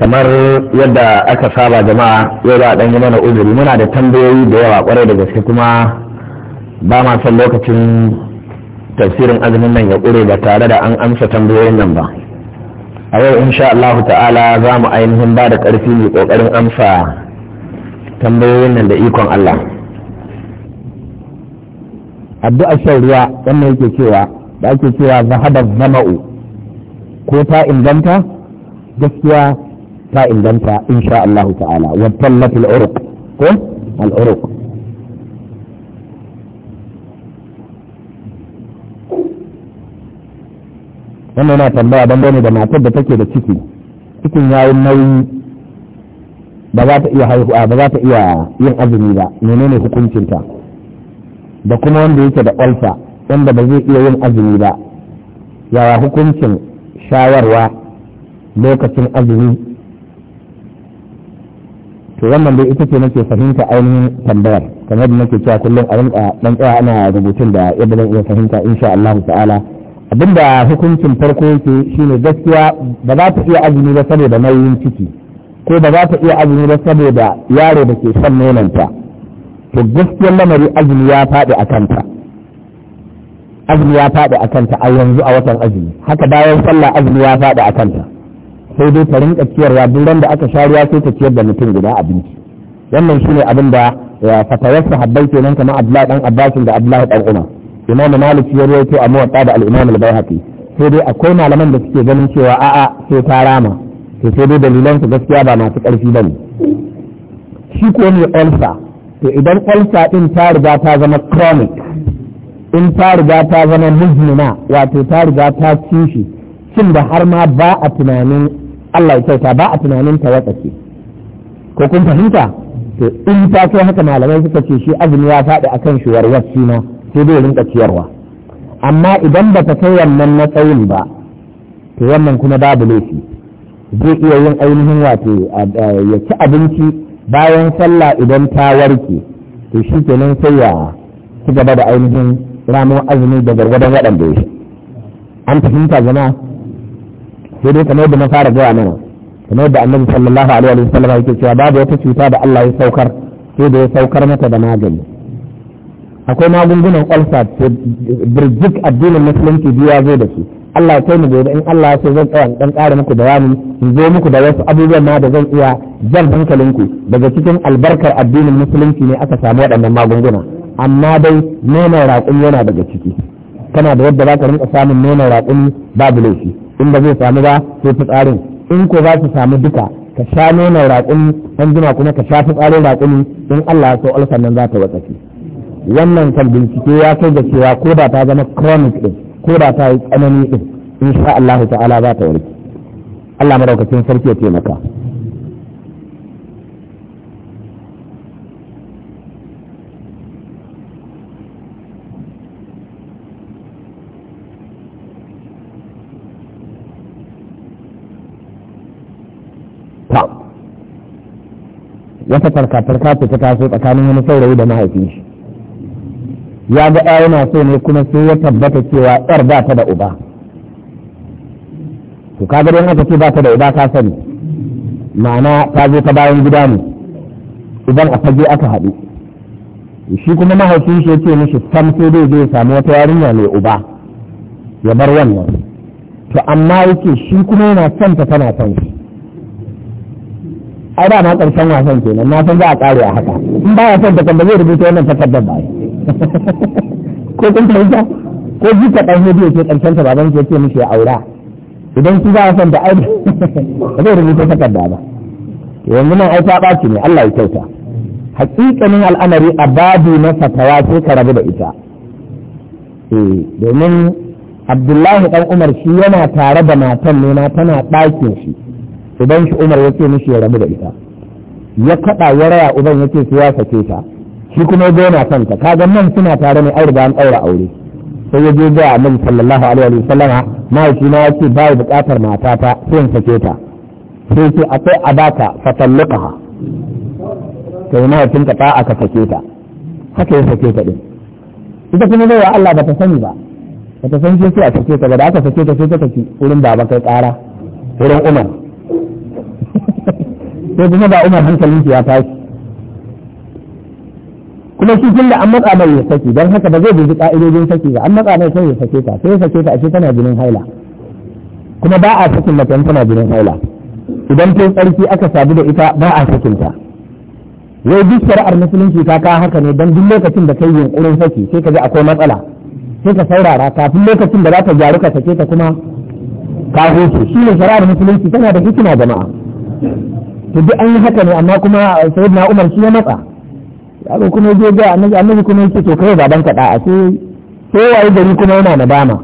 kamar yadda aka saba jama'a yau za a ɗan yi mana uzuri muna da tambayoyi da yawa ƙwarai da gaske kuma ba ma son lokacin tafsirin azumin nan ya ƙure ba tare da an amsa tambayoyin nan ba a yau insha Allah ta'ala za mu ainihin ba da ƙarfi mai ƙoƙarin amsa tambayoyin nan da ikon Allah addu'a shan ruwa wannan yake cewa da ake cewa zahabar zama'u ko ta inganta gaskiya ta inganta insha Allah ta'ala wa al uruq ko al uruq wannan na tambaya gane da matar da take da ciki cikin yayin nauyi ba za ta iya haihuwa ba za ta iya yin azumi ba menene hukuncinta da kuma wanda yake da ulfa wanda ba zai iya yin azumi ba yaya hukuncin shawarwa lokacin azumi to wannan dai ita ce nake fahimta ainihin tambayar kamar da nake cewa kullum a rinka dan tsaya ana rubutun da yadda zan iya fahimta insha Allah ta'ala abinda hukuncin farko yake shine gaskiya ba za ta iya azumi ba saboda nauyin ciki ko ba za ta iya azumi ba saboda yaro da ke son nononta to gaskiyar lamari azumi ya faɗi a kanta azumi ya faɗi a kanta a yanzu a watan azumi haka bayan sallah azumi ya faɗi a kanta sai dai ta rinka ciyarwa duk da aka sha ruwa sai ta ciyar da mutum guda abinci wannan shine abin da eh, fatawar sahabbai kenan kamar Abdullahi dan Abbas da Abdullahi dan Umar Imam Malik ya rawaito a muwatta da al-Imam al-Baihaqi sai dai akwai malaman da suke ganin cewa a'a sai ta rama to sai dai dalilan su gaskiya ba masu ƙarfi bane shi ko ne ulsa to idan ulsa din ta riga ta zama chronic in ta riga ta zama muzmina wato ta riga ta ci cin da har ma ba a tunanin Allah ya kyauta ba a tunanin ta ce ko kun fahimta to in ta so haka malamai suka ce shi azumi ya faɗi akan shi warwar shi ma sai dai rinka ciyarwa amma idan ba ta kai wannan matsayin ba to wannan kuma babu laifi zai iya yin ainihin wato ya ci abinci bayan sallah idan ta warke to shi kenan sai ya ci gaba da ainihin ramuwar azumi da gargadon waɗanda ya an fahimta jama'a sai dai kamar yadda na fara gaya mana kamar yadda annabi sallallahu alaihi wa sallam yake cewa babu wata cuta da Allah ya saukar sai da ya saukar mata da magani akwai magungunan ulcer to birjik addinin musulunci biya zo da su Allah ya mu gobe in Allah ya so zan tsaya dan ƙara muku bayani in zo muku da wasu abubuwan ma da zan iya jan hankalinku daga cikin albarkar addinin musulunci ne aka samu waɗannan magunguna amma dai nonon raƙumi yana daga ciki kana da yadda za ka rinka samun nonon raƙumi babu laifi in ba zai samu ba sai fitsarin in ko za su samu duka ka sha nonon raƙumi an jima kuma ka sha fitsarin raƙumi in Allah ya so nan za ta watsaki wannan kan bincike ya kai da cewa ko da ta zama chronic din ko da ta yi tsanani din sha Allah ta'ala za ta warke Allah madaukakin sarki ya taimaka wata farka-farka ce ta taso tsakanin wani saurayi da mahaifin shi ya ga ɗaya yana so ne kuma sai ya tabbata cewa yar ba ta da uba to ka ga haka ce ba ta da uba ka sani ma'ana ta zo ta bayan gida ne idan a fage aka haɗu shi kuma mahaifin shi ya ce mishi sam sai dai zai samu wata yarinya mai uba ya bar wannan to amma yake shi kuma yana son ta tana son ai ba ma karshen wasan kenan na san za a kare a haka in ba ya son ta kanda zai rubuta wannan takardar ba ko kun fahimta ko jika dan hudu ke karshen ta baban ke ce mishi ya aura idan ki za a son da ai ba zai rubuta takarda ba yanzu nan ai ta ɓaci ne Allah ya kyauta hakikanin al'amari a babu na fatawa sai ka rabu da ita eh domin Abdullahi dan Umar shi yana tare da matan ne na tana ɗakin shi uban shi umar yake mishi ya rabu da ita ya kaɗa ya raya uban yake su ya sake ta shi kuma ya zauna kanta kaga nan suna tare ne an riga an ɗaura aure sai ya je ga annabi sallallahu alaihi wa sallama mahaifi na yace bai mata ta sai ya sake ta sai ce akwai abaka fatalluqaha kai mahaifin ka ta aka sake ta haka ya sake ta din ita kuma zai wa Allah ba ta sani ba ba ta san sai a sake ta ba da aka sake ta sai ta tafi wurin baba kai ƙara wurin Umar sai kuma ba umar hankalin ya tashi kuma shi tun da an matsa mai ya saki don haka ba zai bi ka'idojin saki ba an matsa mai sai ya sake ta sai ya sake ta a tana jinin haila kuma ba a sakin mace tana jinin haila idan ta tsarki aka sabu da ita ba a sakin ta wai duk shari'ar musulunci ta ka haka ne don duk lokacin da kai yunkurin saki sai ka ji akwai matsala sai ka saurara kafin lokacin da za ta gyaru ka sake ta kuma ka hoto shi ne shari'ar musulunci tana da hikima jama'a to duk an yi haka ne amma kuma sayyid na umar shi ya matsa yaro kuma zai ga annabi annabi kuma yake to kai baban ka a sai sai wai gari kuma yana dama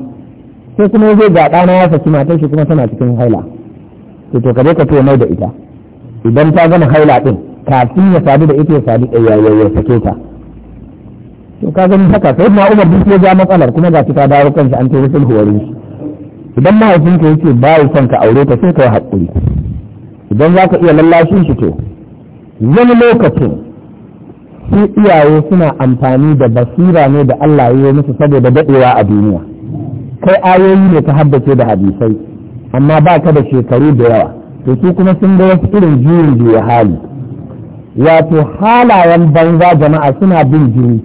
sai kuma zai ga dana ya saki matar shi kuma tana cikin haila to to kaje ka to mai da ita idan ta gama haila din kafin ya sadu da ita ya sadu da yayi ya sake ta to ka gani haka sai na Umar duk ya ga matsalar kuma ga ta dawo kansa an tayi sulhu shi idan mahaifinka yake ba son ka aure ta sai ka yi hakuri idan za ka iya lallashin shi to wani lokacin su iyaye suna amfani da basira ne da Allah ya yi musu saboda daɗewa a duniya kai ayoyi ne ta haddace da hadisai amma ba ka da shekaru da yawa to su kuma sun ga wasu irin juyin juya hali wato halayen banza jama'a suna bin jini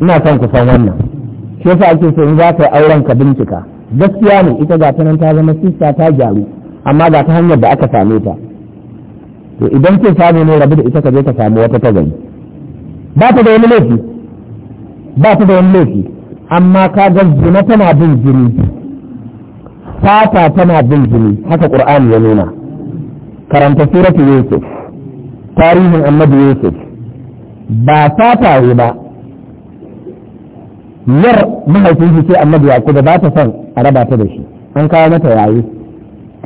ina son ku san wannan shi yasa ake so in za ka yi auren ka bincika gaskiya ne ita ga ta ta zama sista ta gyaru amma ba ta hanyar da aka same ta to idan kin samu ne rabu da ita ka je ka samu wata ta gani ba ta da wani laifi ba ta da wani laifi amma ka ga zina tana bin jini fata tana bin jini haka qur'ani ya nuna karanta suratu yusuf tarihin annabi yusuf ba fata ne ba yar shi ce annabi yakuba ba ta son a raba ta da shi an kawo mata yayi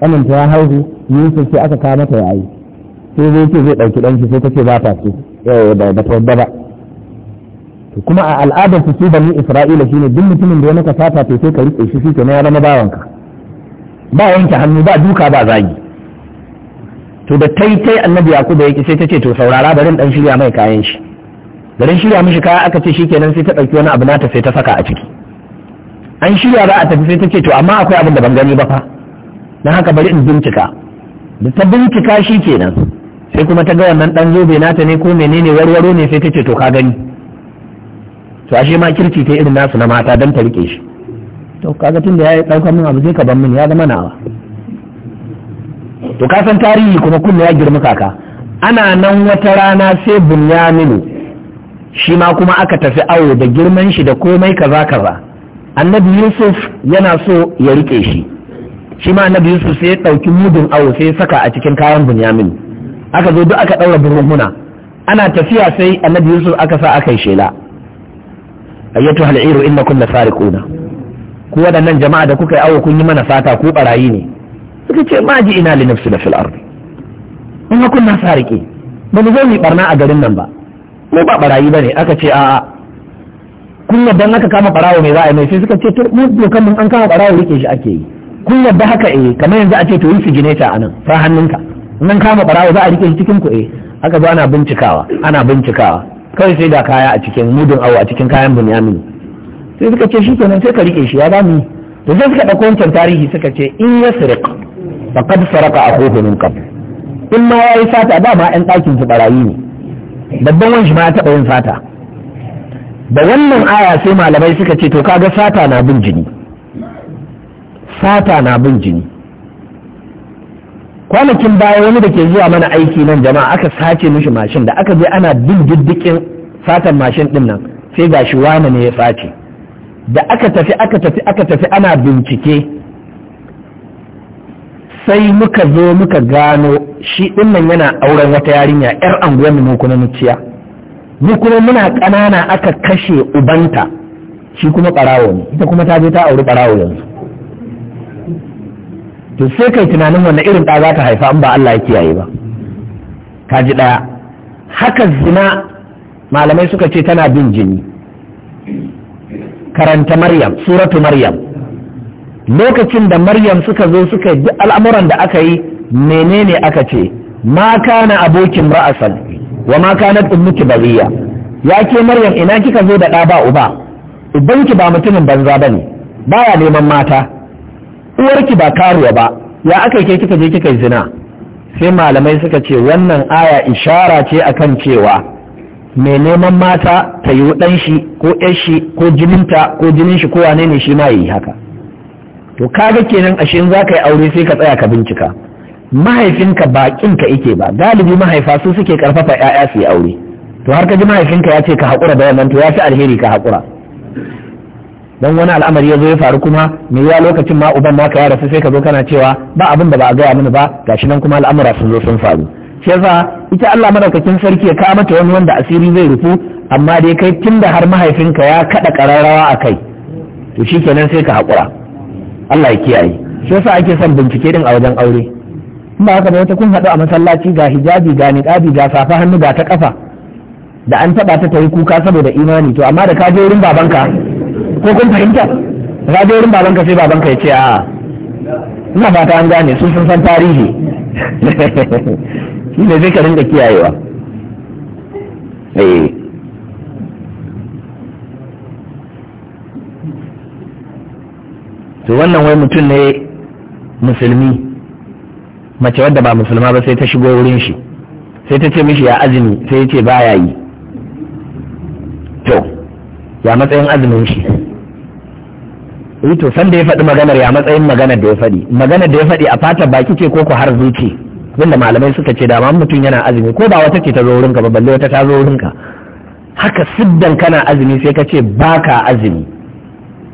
kanin ta ya haihu yusuf sai aka kawo mata yayi sai zai ce zai ɗauki ɗanki sai ta ce ba ta so ba ta wadda ba To kuma a al'adar su bani isra'ila shine duk mutumin da ya maka to sai ka rike shi shi kenan ya zama bawanka ba yanke hannu ba duka ba zagi to da tai tai annabi yakubu yake sai ta ce to saurara barin dan shirya mai kayan shi barin shirya mishi kaya aka ce shikenan sai ta ɗauki wani abu nata sai ta saka a ciki an shirya za a tafi sai ta ce to amma akwai abin da ban gani ba fa na haka bari in bincika da ta bincika shi kenan sai kuma ta ga wannan dan zobe nata ne ko menene warwaro ne sai ta ce to ka gani to ashe ma kirki ta irin nasu na mata dan ta rike shi to kaga tunda yayi daukar min abu zai ka ban min ya zama nawa to ka san tarihi kuma kullu ya girma kaka ana nan wata rana sai bunyamin shi ma kuma aka tafi awo da girman shi da komai kaza kaza annabi yusuf yana so ya rike shi shi ma annabi yusuf sai ya ɗauki mudun awo sai ya saka a cikin kayan bunyamin aka zo duk aka ɗaura burhuna ana tafiya sai annabi yusuf aka sa aka yi shela ayyatu hal'iru innakum lasariquna ku wadannan jama'a da kuka yi awo kun yi mana sata ku barayi ne suka ce ma ji ina nafsi da fil ardi in ha kunna sariqi ba mu zo mu barna a garin nan ba mu ba barayi bane aka ce a'a Kunna dan aka kama barawo mai za a yi mai sai suka ce to mu dokan mun an kama barawo rike shi ake yi kun yadda haka eh kamar yanzu a ce to yi siginature a nan fa hannunka nan kama barawo za a rike shi cikin ku eh aka zo ana bincikawa ana bincikawa kawai sai da kaya a cikin mudun awo a cikin kayan bunyamin sai suka ce shi kenan sai ka rike shi ya zamu to sai suka dauko wancan tarihi suka ce in ya sirq faqad saraka akhuhu min qabl in ma yayi sata ba ma ɗan ɗakin su barayi ne babban wanshi ma ya taɓa yin sata da wannan aya sai malamai suka ce to kaga sata na bin jini fata na bin jini kwanakin baya wani da ke zuwa mana aiki nan jama'a aka sace mishi mashin da aka je ana bin diddikin satan mashin din nan sai ga shi wane ne ya sace da aka tafi aka tafi aka tafi ana bincike sai muka zo muka gano shi din nan yana auren wata yarinya yar anguwar mu kuma muciya mu kuma muna ƙanana aka kashe ubanta shi kuma barawo ne ita kuma ta je ta auri barawo yanzu to sai kai tunanin wannan irin ɗa za ta haifa in ba Allah ya kiyaye ba ka ji ɗaya haka zina malamai suka ce tana bin jini karanta maryam suratu maryam lokacin da maryam suka zo suka yi al'amuran da aka yi menene aka ce ma kana abokin ra'asal wa ma kana ummuki bariya ya ke maryam ina kika zo da ɗa ba uba ubanki ba mutumin banza bane baya neman mata uwarki ba karuwa ba ya aka ke kika je kika yi zina sai malamai suka ce wannan aya ishara ce akan cewa mai neman mata ta yi ɗan shi ko ƴar shi ko jininta ko jinin shi ko wane ne shi ma yi haka to kaga kenan ashe in zaka yi aure sai ka tsaya ka bincika mahaifinka bakin ka ike ba galibi mahaifa su suke karfafa 'ya'ya su yi aure to har ka ji mahaifinka ya ce ka haƙura da wannan to ya fi alheri ka haƙura dan wani al'amari ya zo ya faru kuma me ya lokacin ma uban ma ka ya rasu sai ka zo kana cewa ba abin da ba a gaya mini ba gashi nan kuma al'amura sun zo sun faru shi yasa ita Allah madaukakin sarki ya kawo mata wani wanda asiri zai rufu amma dai kai da har mahaifinka ya kada kararrawa a kai to shikenan sai ka hakura Allah ya kiyaye shi yasa ake son bincike din a wajen aure In ba haka ba wata kun haɗu a masallaci ga hijabi ga niqabi ga safa hannu ga ta kafa da an taba ta tayi kuka saboda imani to amma da ka je wurin babanka ko kun fahimta za je wurin babanka sai babanka ya ce a ina fata an gane sun sun san tarihi shi ne zai ka da kiyayewa eh. to wannan wai mutum ne musulmi mace wadda ba musulma ba sai ta shigo wurin shi sai ta ce mishi ya azumi sai ya ce baya yi to ya matsayin azumin shi yi eh to sanda ya faɗi maganar ya matsayin maganar da ya faɗi maganar da ya faɗi a fata baki ce ko ku har zuci wanda malamai suka ce dama mutum yana azumi ko ba wata ce ta zo wurinka ba balle wata ta zo ka haka siddan kana azumi sai ka ce ba ka azumi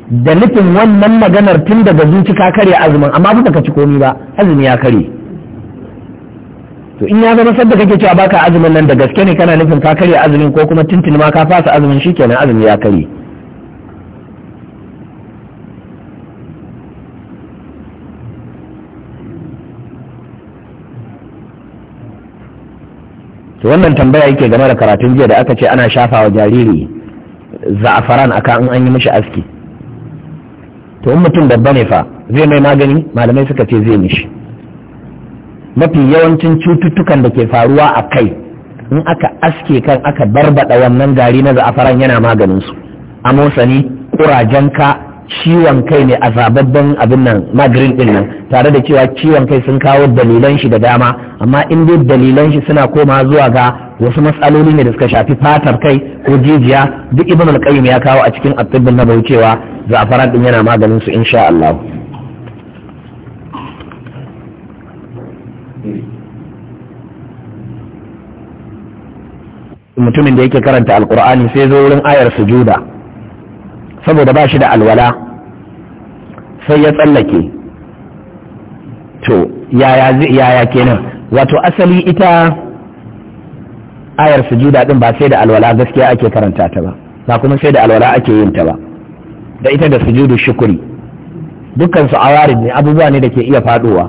da nufin wannan maganar tun daga zuci ka karya azumin amma ba ka ci komi ba azumi ya karye to in ya zama sadda kake cewa baka azumin nan da gaske ne kana nufin ka karya azumin ko kuma tuntuni ma ka fasa azumin kenan azumi ya karye to wannan tambaya yake game da karatun jiya da aka ce ana shafa wa jariri za'afaran aka in an yi mishi aski to in mutum babba ne fa zai mai magani malamai suka ce zai mishi mafi yawancin cututtukan da ke faruwa a kai in aka aske kan aka barbada wannan gari na za'afaran yana maganin su amosani kurajen ka ciwon kai ne a zababben abin nan magrin din nan tare da cewa ciwon kai sun kawo dalilan shi da dama amma in dai dalilan shi suna koma zuwa ga wasu matsaloli ne da suka shafi fatar kai ko jijiya duk ibn al-qayyim ya kawo a cikin at-tibb nabawi cewa za'afaran din yana maganin su insha Allah mutumin da yake karanta alkur'ani sai zo wurin ayar sujuda saboda ba shi da alwala sai ya tsallake to yaya kenan wato asali ita ayar sujuda din ba sai da alwala gaskiya ake karanta ta ba ba kuma sai da alwala ake yin ta ba da ita da sujudu shukuri dukkan su awarid ne abubuwa ne da ke iya faduwa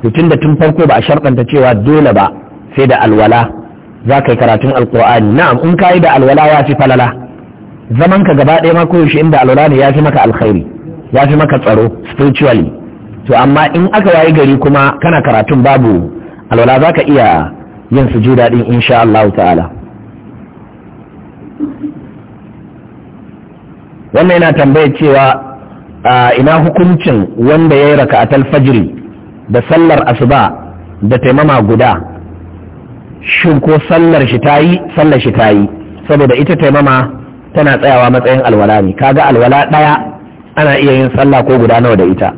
tun da tun farko ba a sharɗanta cewa dole ba sai da alwala za ka yi karatun alkur'ani na'am in ka yi da alwala ya fi falala zaman ka gaba ɗaya ma yaushe inda alwala ne ya fi maka alkhairi ya fi maka tsaro spiritually to amma in aka wayi gari kuma kana karatun babu alwala za ka iya yin sujuda din insha Allah ta'ala wannan yana tambaya cewa a ina hukuncin wanda ya yi raka'atul fajri da sallar asuba da taimama guda shin ko sallar shi ta yi sallar shi ta yi saboda ita taimama tana tsayawa matsayin alwala ne kaga alwala ɗaya ana iya yin sallah ko guda nawa da ita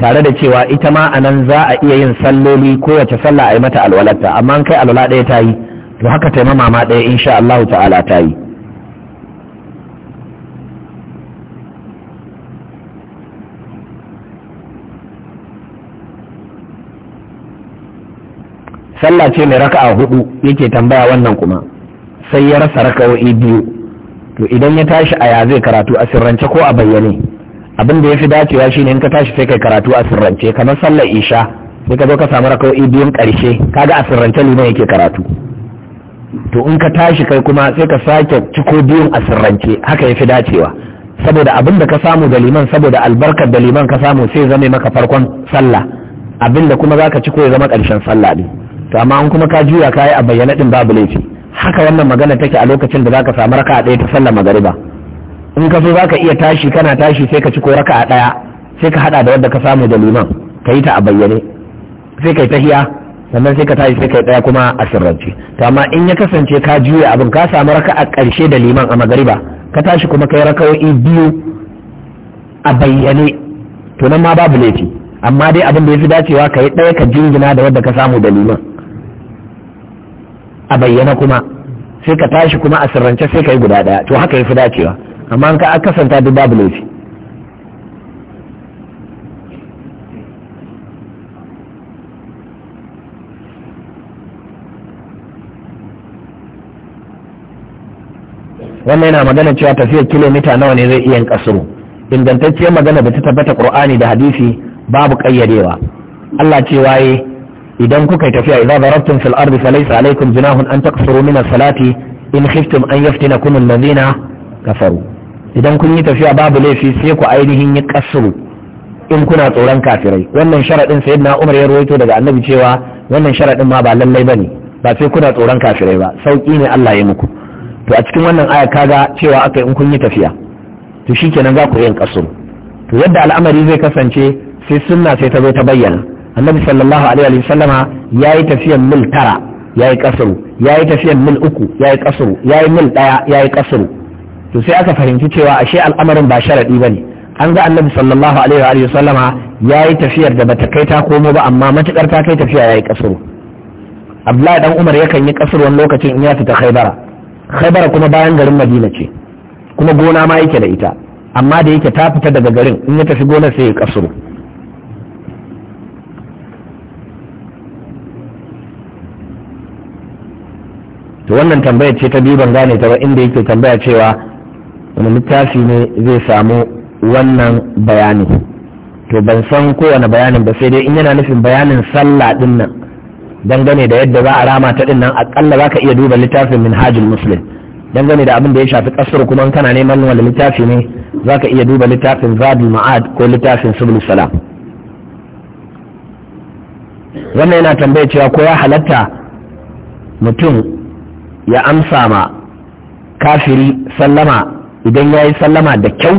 tare da cewa ita ma a nan za a iya yin salloli kowace sallah a yi mata alwalarta amma an kai alwala ɗaya ta yi to haka yi ma ɗaya insha Allah ta'ala ta yi sallah ce mai raka'a hudu yake tambaya wannan kuma sai ya rasa raka'o'i biyu to idan ya tashi a ya zai karatu a sirrance ko a bayyane abin da ya fi dacewa shine in ka tashi sai kai karatu a sirrance kamar sallar isha sai ka zo ka samu raka'o'i biyun karshe kaga a sirrance liman yake karatu to in ka tashi kai kuma sai ka sake ciko biyun a sirrance haka ya fi dacewa saboda abin da ka samu da liman saboda albarkar da liman ka samu sai zame maka farkon sallah abin da kuma zaka ciko ya zama karshen sallah ne to amma in kuma ka juya kai a bayyane din babu laifi haka wannan magana take a lokacin da zaka samu raka'a ɗaya ta sallar magariba in ka so zaka iya tashi kana tashi sai ka ci ko raka'a ɗaya sai ka hada da wadda ka samu da liman ka yi ta a bayyane sai kai tahiya sannan sai ka tashi sai kai ɗaya kuma a sirrance to amma in ya kasance ka juya abin ka samu a ƙarshe da liman a magariba ka tashi kuma kai raka'o'i biyu a bayyane to nan ma babu laifi amma dai abin da ya fi dacewa ka yi ɗaya ka jingina da wadda ka samu da liman a bayyana kuma sai ka tashi kuma a sirrance sai ka yi guda ɗaya to haka ya fi dacewa amma ka kasanta duk babu laifi wannan yana magana cewa tafiyar kilomita nawa ne zai iya kasuru ingantacciyar magana da ta tabbata qur'ani da hadisi babu ƙayyadewa Allah ce waye idan kuka yi tafiya idza darabtum fil ardi falaysa alaykum junahun an taqsuru min as-salati in khiftum an yaftinakum alladhina kafaru idan kun yi tafiya babu laifi sai ku ainihin yi kasuru in kuna tsoron kafirai wannan sharadin sayyidina Umar ya rawaito daga annabi cewa wannan sharaɗin ma ba lallai bane ba sai kuna tsoron kafirai ba sauki ne Allah ya muku to a cikin wannan aya kaga cewa aka in kun yi tafiya to shikenan za ku yi kasuru to yadda al'amari zai kasance sai sunna sai ta zo ta bayyana annabi sallallahu alaihi wa ya yayi tafiyan mil tara yayi kasuru yayi tafiyan mil uku yayi kasuru yayi mil daya yayi kasuru to sai aka fahimci cewa ashe al'amarin ba sharadi ne an ga annabi sallallahu alaihi wa ya yayi tafiyar da bata kai ta komo ba amma matukar ta kai tafiya yayi kasuru abdullahi dan umar yakan yi kasur wani lokacin in ya fita khaibara khaibara kuma bayan garin madina ce kuma gona ma yake da ita amma da yake ta fita daga garin in ya tafi gonar sai ya kasuru wannan tambaya ce ta biyu ban gane ta ba inda yake tambaya cewa wani littafi ne zai samu wannan bayani to ban san kowane bayanin ba sai dai in yana nufin bayanin sallah din nan dangane da yadda za a rama ta din nan akalla za ka iya duba littafin minhajul muslim dangane da abin da ya shafi kasar kuma kana neman wani littafi ne za ka iya duba littafin zabi ma'ad ko littafin subul salam wannan yana tambaya cewa ko ya halatta mutum ya amsa ma kafiri sallama idan ya yi sallama da kyau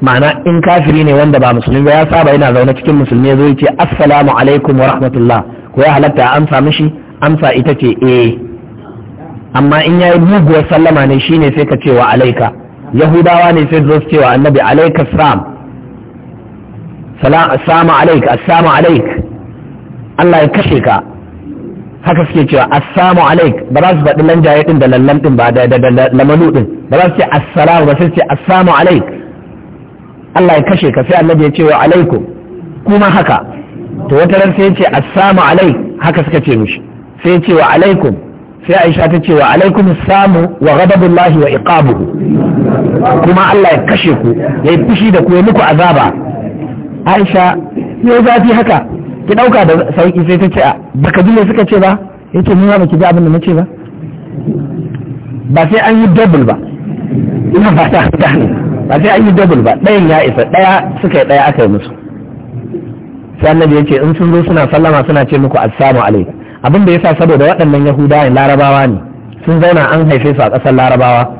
ma'ana in kafiri ne wanda ba musulmi ba ya saba yana zaune cikin musulmi zai ce assalamu alaikum wa rahmatullah ko ya halatta ya amsa mishi amsa ita ce eh amma in ya yi muguwar sallama ne shine sai ka ce wa alaika yahudawa ne sai zo su ce wa annabi alaika salam salamu alaik assalamu alaik Allah ya kashe ka haka suke cewa assalamu alaik ba za su faɗi lanjaye ɗin da lallan ɗin ba da lamanu ɗin ba za su ce assalamu ba sai su ce assalamu alaik Allah ya kashe ka sai annabi ya ce wa alaikum kuma haka to wata ran sai ya ce assalamu alaik haka suka ce mishi sai ya ce wa alaikum sai Aisha ta ce wa alaikum samu wa ghadabullahi wa iqabuhu kuma Allah ya kashe ku ya yi fushi da ku ya muku azaba Aisha yau zafi haka ki dauka da sauki sai ta ce a baka ji me suka ce ba yace ni ma baki ji abin da muke ba ba sai an yi double ba ina ba ta gane ba sai an yi double ba ɗayan ya isa ɗaya suka yi ɗaya aka yi musu sai annabi yace in sun zo suna sallama suna ce muku assalamu alaikum abin da yasa saboda waɗannan yahudawa larabawa ne sun zauna an haife su a ƙasar larabawa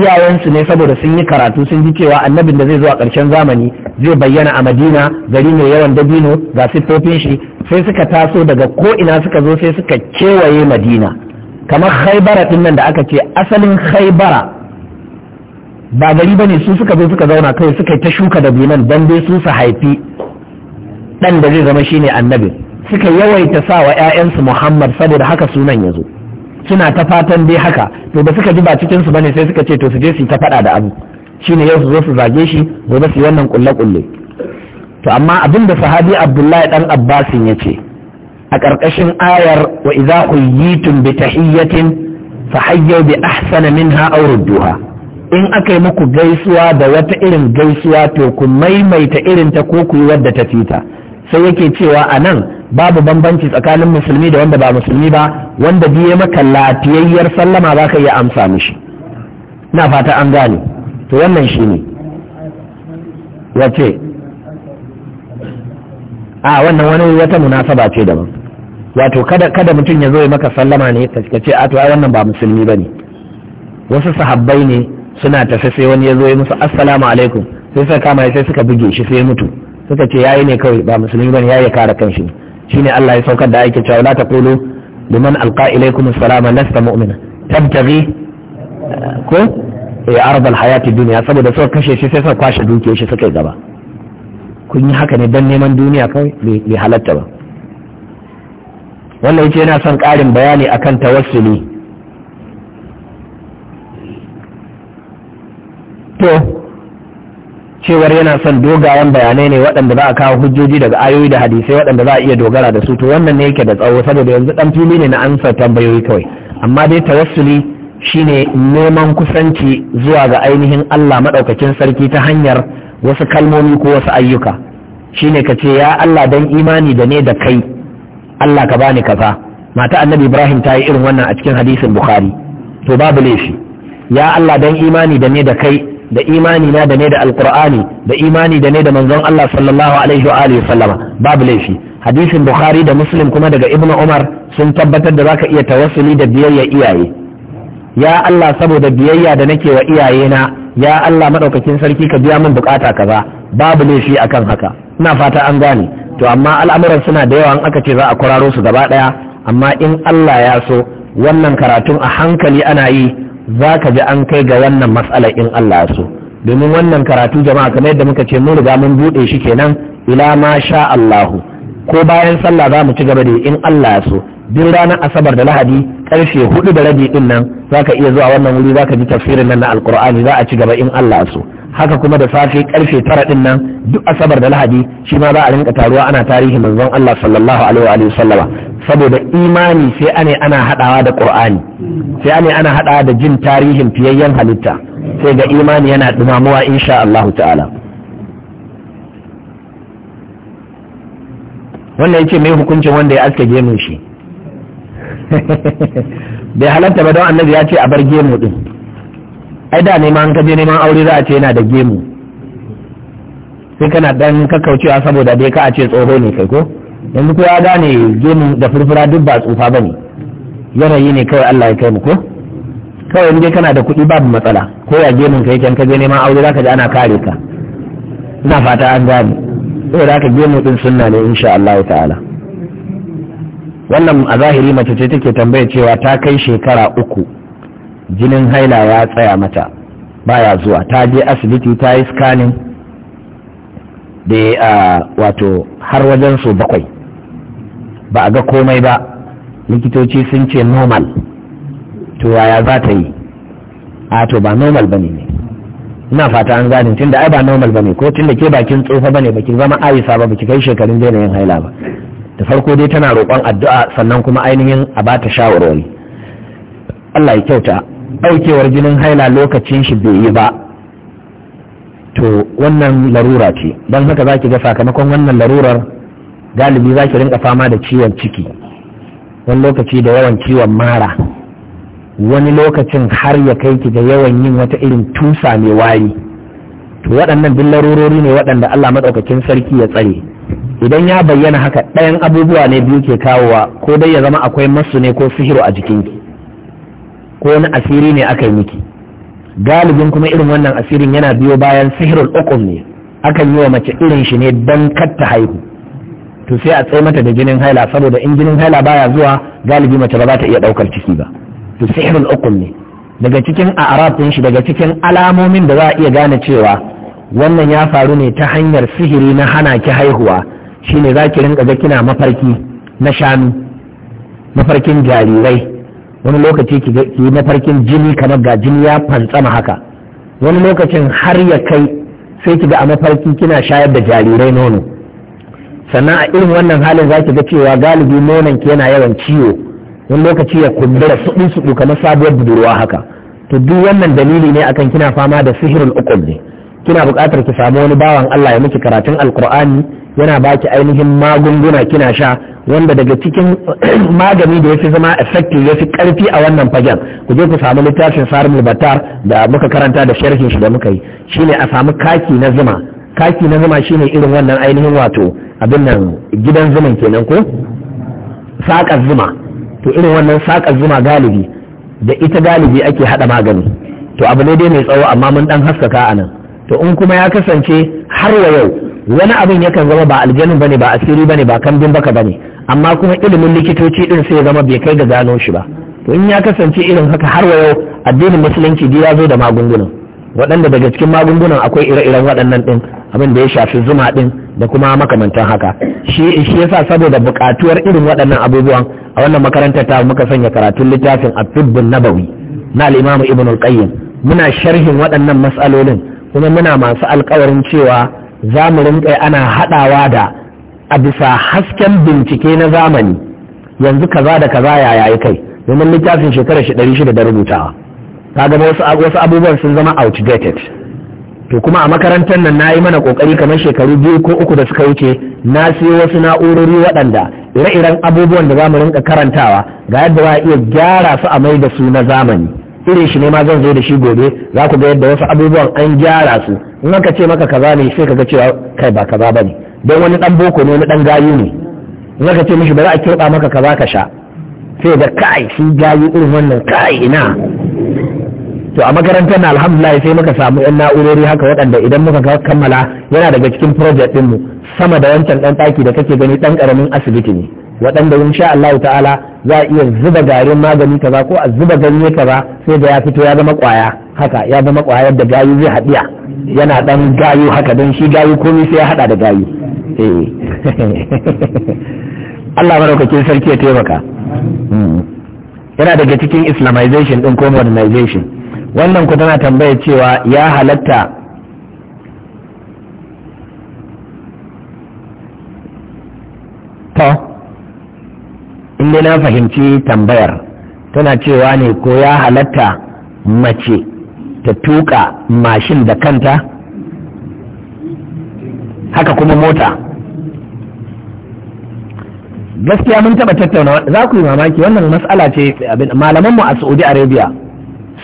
iyayensu ne saboda sun yi karatu sun ji cewa annabin da zai zo a ƙarshen zamani zai bayyana a madina gari mai yawan dabino ga siffofin shi sai suka taso daga ko ina suka zo sai suka kewaye madina kamar haibara ɗin nan da aka ce asalin haibara ba gari ba ne su suka zo suka zauna kawai suka ta shuka dabinan don dai su su haifi ɗan da zai zama shine annabi suka yawaita sa wa 'ya'yansu muhammad saboda haka sunan ya zo suna ta fatan dai haka to da suka ji ba cikin su bane sai suka ce to su je su ta faɗa da abu shine yau su zo su zage shi gobe su yi wannan kulle kulle to amma abin da sahabi abdullahi dan abbasin ya ce a ƙarƙashin ayar wa idza huyitum bi tahiyyatin fahayyu bi ahsana minha aw rudduha in aka yi muku gaisuwa da wata irin gaisuwa to ku maimaita irin ta ko ku yi wadda ta fita sai yake cewa a nan babu bambanci tsakanin musulmi da wanda ba musulmi ba wanda biye maka lafiyayyar sallama za ka yi amsa mishi na fata an gane to wannan shi ne wace a wannan wani wata munasaba ce daban wato kada kada mutum ya zo ya maka sallama ne ka ce a to ai wannan ba musulmi bane wasu sahabbai ne suna tafe sai wani ya zo ya musu assalamu alaikum sai suka kama sai suka buge shi sai mutu suka ce yayi ne kawai ba musulmi bane yayi kare kanshi shine Allah ya saukar da yake cewa la taqulu liman alqa ilaykum assalama lasta mu'mina tabtaghi ko ya eh, arda alhayati dunya saboda suka kashe shi sai suka kwashe dukiyar shi suka gaba kun yi haka ne dan neman duniya kawai bai halatta ba wannan yace yana son karin bayani akan tawassuli to cewar yana son dogayen bayanai ne waɗanda za a kawo hujjoji daga ayoyi da hadisai waɗanda za a iya dogara da su to wannan ne yake da tsawo saboda yanzu ɗan fili ne na ansa tambayoyi kawai amma dai tawassuli shine neman kusanci zuwa ga ainihin Allah maɗaukakin sarki ta hanyar wasu kalmomi ko wasu ayyuka shine ka ce ya Allah dan imani da ne da kai Allah ka bani kaza mata annabi Ibrahim ta yi irin wannan a cikin hadisin Bukhari to babu laifi ya Allah dan imani da ne da kai da imani na da ne da alqur'ani da imani da ne da manzon Allah sallallahu alaihi wa alihi sallama babu laifi hadisin bukhari da muslim kuma daga ibnu umar sun tabbatar da zaka iya tawassuli da biyayya iyaye ya Allah saboda biyayya da nake wa iyayena ya Allah madaukakin sarki ka biya min bukata kaza babu laifi akan haka ina fata an gane to amma al'amuran suna da yawa in aka ce za a kwararo su gaba daya amma in Allah ya so wannan karatun a hankali ana yi za ka ji an kai ga wannan matsalar in Allah so domin wannan karatu jama'a kamar yadda muka ce mun riga mun buɗe shi kenan ila ma sha Allahu ko bayan sallah za mu ci gaba da in Allah so duk ranar asabar da lahadi karfe hudu da rabi din nan za ka iya zuwa wannan wuri za ka ji tafsirin nan na alkur'ani za a ci gaba in Allah so haka kuma da safe karfe tara din nan duk asabar da lahadi shi ma za a rinka taruwa ana tarihi manzon Allah sallallahu alaihi wa sallama saboda imani sai ane ana hadawa da qur'ani sai ane ana hadawa da jin tarihin fiyayyen halitta sai ga imani yana dumamuwa insha Allah ta'ala wannan yake mai hukuncin wanda ya aske gemu shi bai halatta ba don annabi ya ce a bar gemu din ai da neman ka je neman aure za a ce yana da gemu sai kana dan kaucewa saboda dai ka a ce tsoho ne kai ko yanzu ko ya gane gemu da furfura duk ba tsufa ba ne yanayi ne kawai Allah ya kai mu ko kawai in dai kana da kuɗi babu matsala ko ya gemun ka yake ka je neman aure ka ji ana kare ka ina fata an gane saboda ka gemu din sunna ne insha Allah ta'ala wannan a zahiri mace ce take tambaya cewa ta kai shekara uku jinin haila ya tsaya mata baya zuwa ta je asibiti ta yi scanning da a wato har wajen su bakwai ba a ga komai ba likitoci sun ce normal to waya za ta yi a to ba normal ba ne ina fata an gane tunda ai ba normal bane ko tunda ke bakin tsofa bane baki zama aisa ba baki kai shekarun daina yin haila ba da farko dai tana roƙon addu'a sannan kuma ainihin a bata shawarwari Allah ya kyauta ɗaukewar jinin haila lokacin shi bai yi ba to wannan larura ce don haka za ki ga sakamakon wannan larurar galibi za ki rinka fama da ciwon ciki wani lokaci da yawan ciwon mara wani lokacin har ya kai ki da yawan yin wata irin tusa mai wari to waɗannan duk larurori ne waɗanda Allah maɗaukakin sarki ya tsare idan ya bayyana haka ɗayan abubuwa ne biyu ke kawowa ko dai ya zama akwai masu ne ko sihiru a jikinki ko wani asiri ne aka yi miki galibin kuma irin wannan asirin yana biyo bayan sihirul ukum ne akan yi wa mace irin shi ne don katta haihu to sai a tsaye mata da jinin haila saboda in jinin haila baya zuwa galibi mace ba za ta iya daukar ciki ba to sihirul ukum ne daga cikin a'rab din shi daga cikin alamomin da za a iya gane cewa wannan ya faru ne ta hanyar sihiri na hana ki haihuwa shine za ki rinka ga kina mafarki na shanu mafarkin jarirai wani lokaci ki yi mafarkin jini kamar ga jini ya fantsama haka wani lokacin har ya kai sai ki ga a mafarki kina shayar da jarirai nono sannan a irin wannan halin za ki ga cewa galibi nonon ki yana yawan ciwo wani lokaci ya kumbura suɗu suɗu kamar sabuwar budurwa haka to duk wannan dalili ne akan kina fama da sihirin uqul ne kina buƙatar ki samu wani bawan Allah ya miki karatun alkur'ani yana baki ainihin magunguna kina sha wanda daga cikin magani da ya fi zama effective ya fi karfi a wannan fagen ku je ku samu littafin sarmul batar da muka karanta da sharhin shi da muka yi shine a samu kaki na zuma kaki na zuma shine irin wannan ainihin wato abin nan gidan zuman kenan ko saƙar zuma to irin wannan saƙar zuma galibi da ita galibi ake haɗa magani to abu ne dai mai tsawo amma mun dan haskaka anan. to in kuma ya kasance har wa yau wani abin yakan zama ba aljanin bane ba asiri bane ba kambin baka bane amma kuma ilimin likitoci din sai ya zama bai kai ga gano shi ba to in ya kasance irin haka har wa yau addinin musulunci dai ya da magungunan waɗanda daga cikin magungunan akwai ire-iren waɗannan ɗin abin da ya shafi zuma ɗin da kuma makamantan haka shi shi yasa saboda buƙatuwar irin waɗannan abubuwan a wannan makarantar ta muka sanya karatun littafin at-tibbun nabawi na al-imamu ibn al-qayyim muna sharhin waɗannan mas'alolin kuma muna masu alƙawarin cewa za mu rinƙa ana haɗawa da a bisa hasken bincike na zamani yanzu kaza da kaza yaya yi kai domin littafin shekarar shi ɗari shida da rubutawa ta gama wasu abubuwan sun zama outdated to kuma a makarantar nan na yi mana kokari kamar shekaru biyu ko uku da suka wuce na siyo wasu na'urori waɗanda ire-iren abubuwan da zamu rinka karantawa ga yadda za a iya gyara su a mai da su na zamani irin shi ne ma zan zo da shi gobe za ku ga yadda wasu abubuwan an gyara su in aka ce maka kaza ne sai ka ga cewa kai ba kaza ba ne don wani ɗan boko ne wani dan gayu ne zaka ce mishi ba za a kirɓa maka ka ka sha sai da kai shi gayu irin wannan kai ina to a makarantar na alhamdulillah sai muka samu yan na'urori haka waɗanda idan muka kammala yana daga cikin project ɗinmu sama da wancan ɗan ɗaki da kake gani ɗan ƙaramin asibiti ne waɗanda insha Allah ta'ala za a iya zuba garin magani kaza ko a zuba ganye kaza sai da ya fito ya zama ƙwaya haka ya zama ƙwayar da gayu zai haɗiya yana ɗan gayu haka don shi gayu komai sai ya haɗa da gayu eh. Allah maraukakin sarki ya taimaka hmm. yana daga cikin islamization ɗin ko modernization wannan ku tana tambaya cewa ya halatta ta inda na fahimci tambayar tana cewa ne ko ya halatta mace ta tuka mashin da kanta haka kuma mota gaskiya mun taba tattauna za ku yi mamaki wannan matsala ce malamanmu a saudi arabia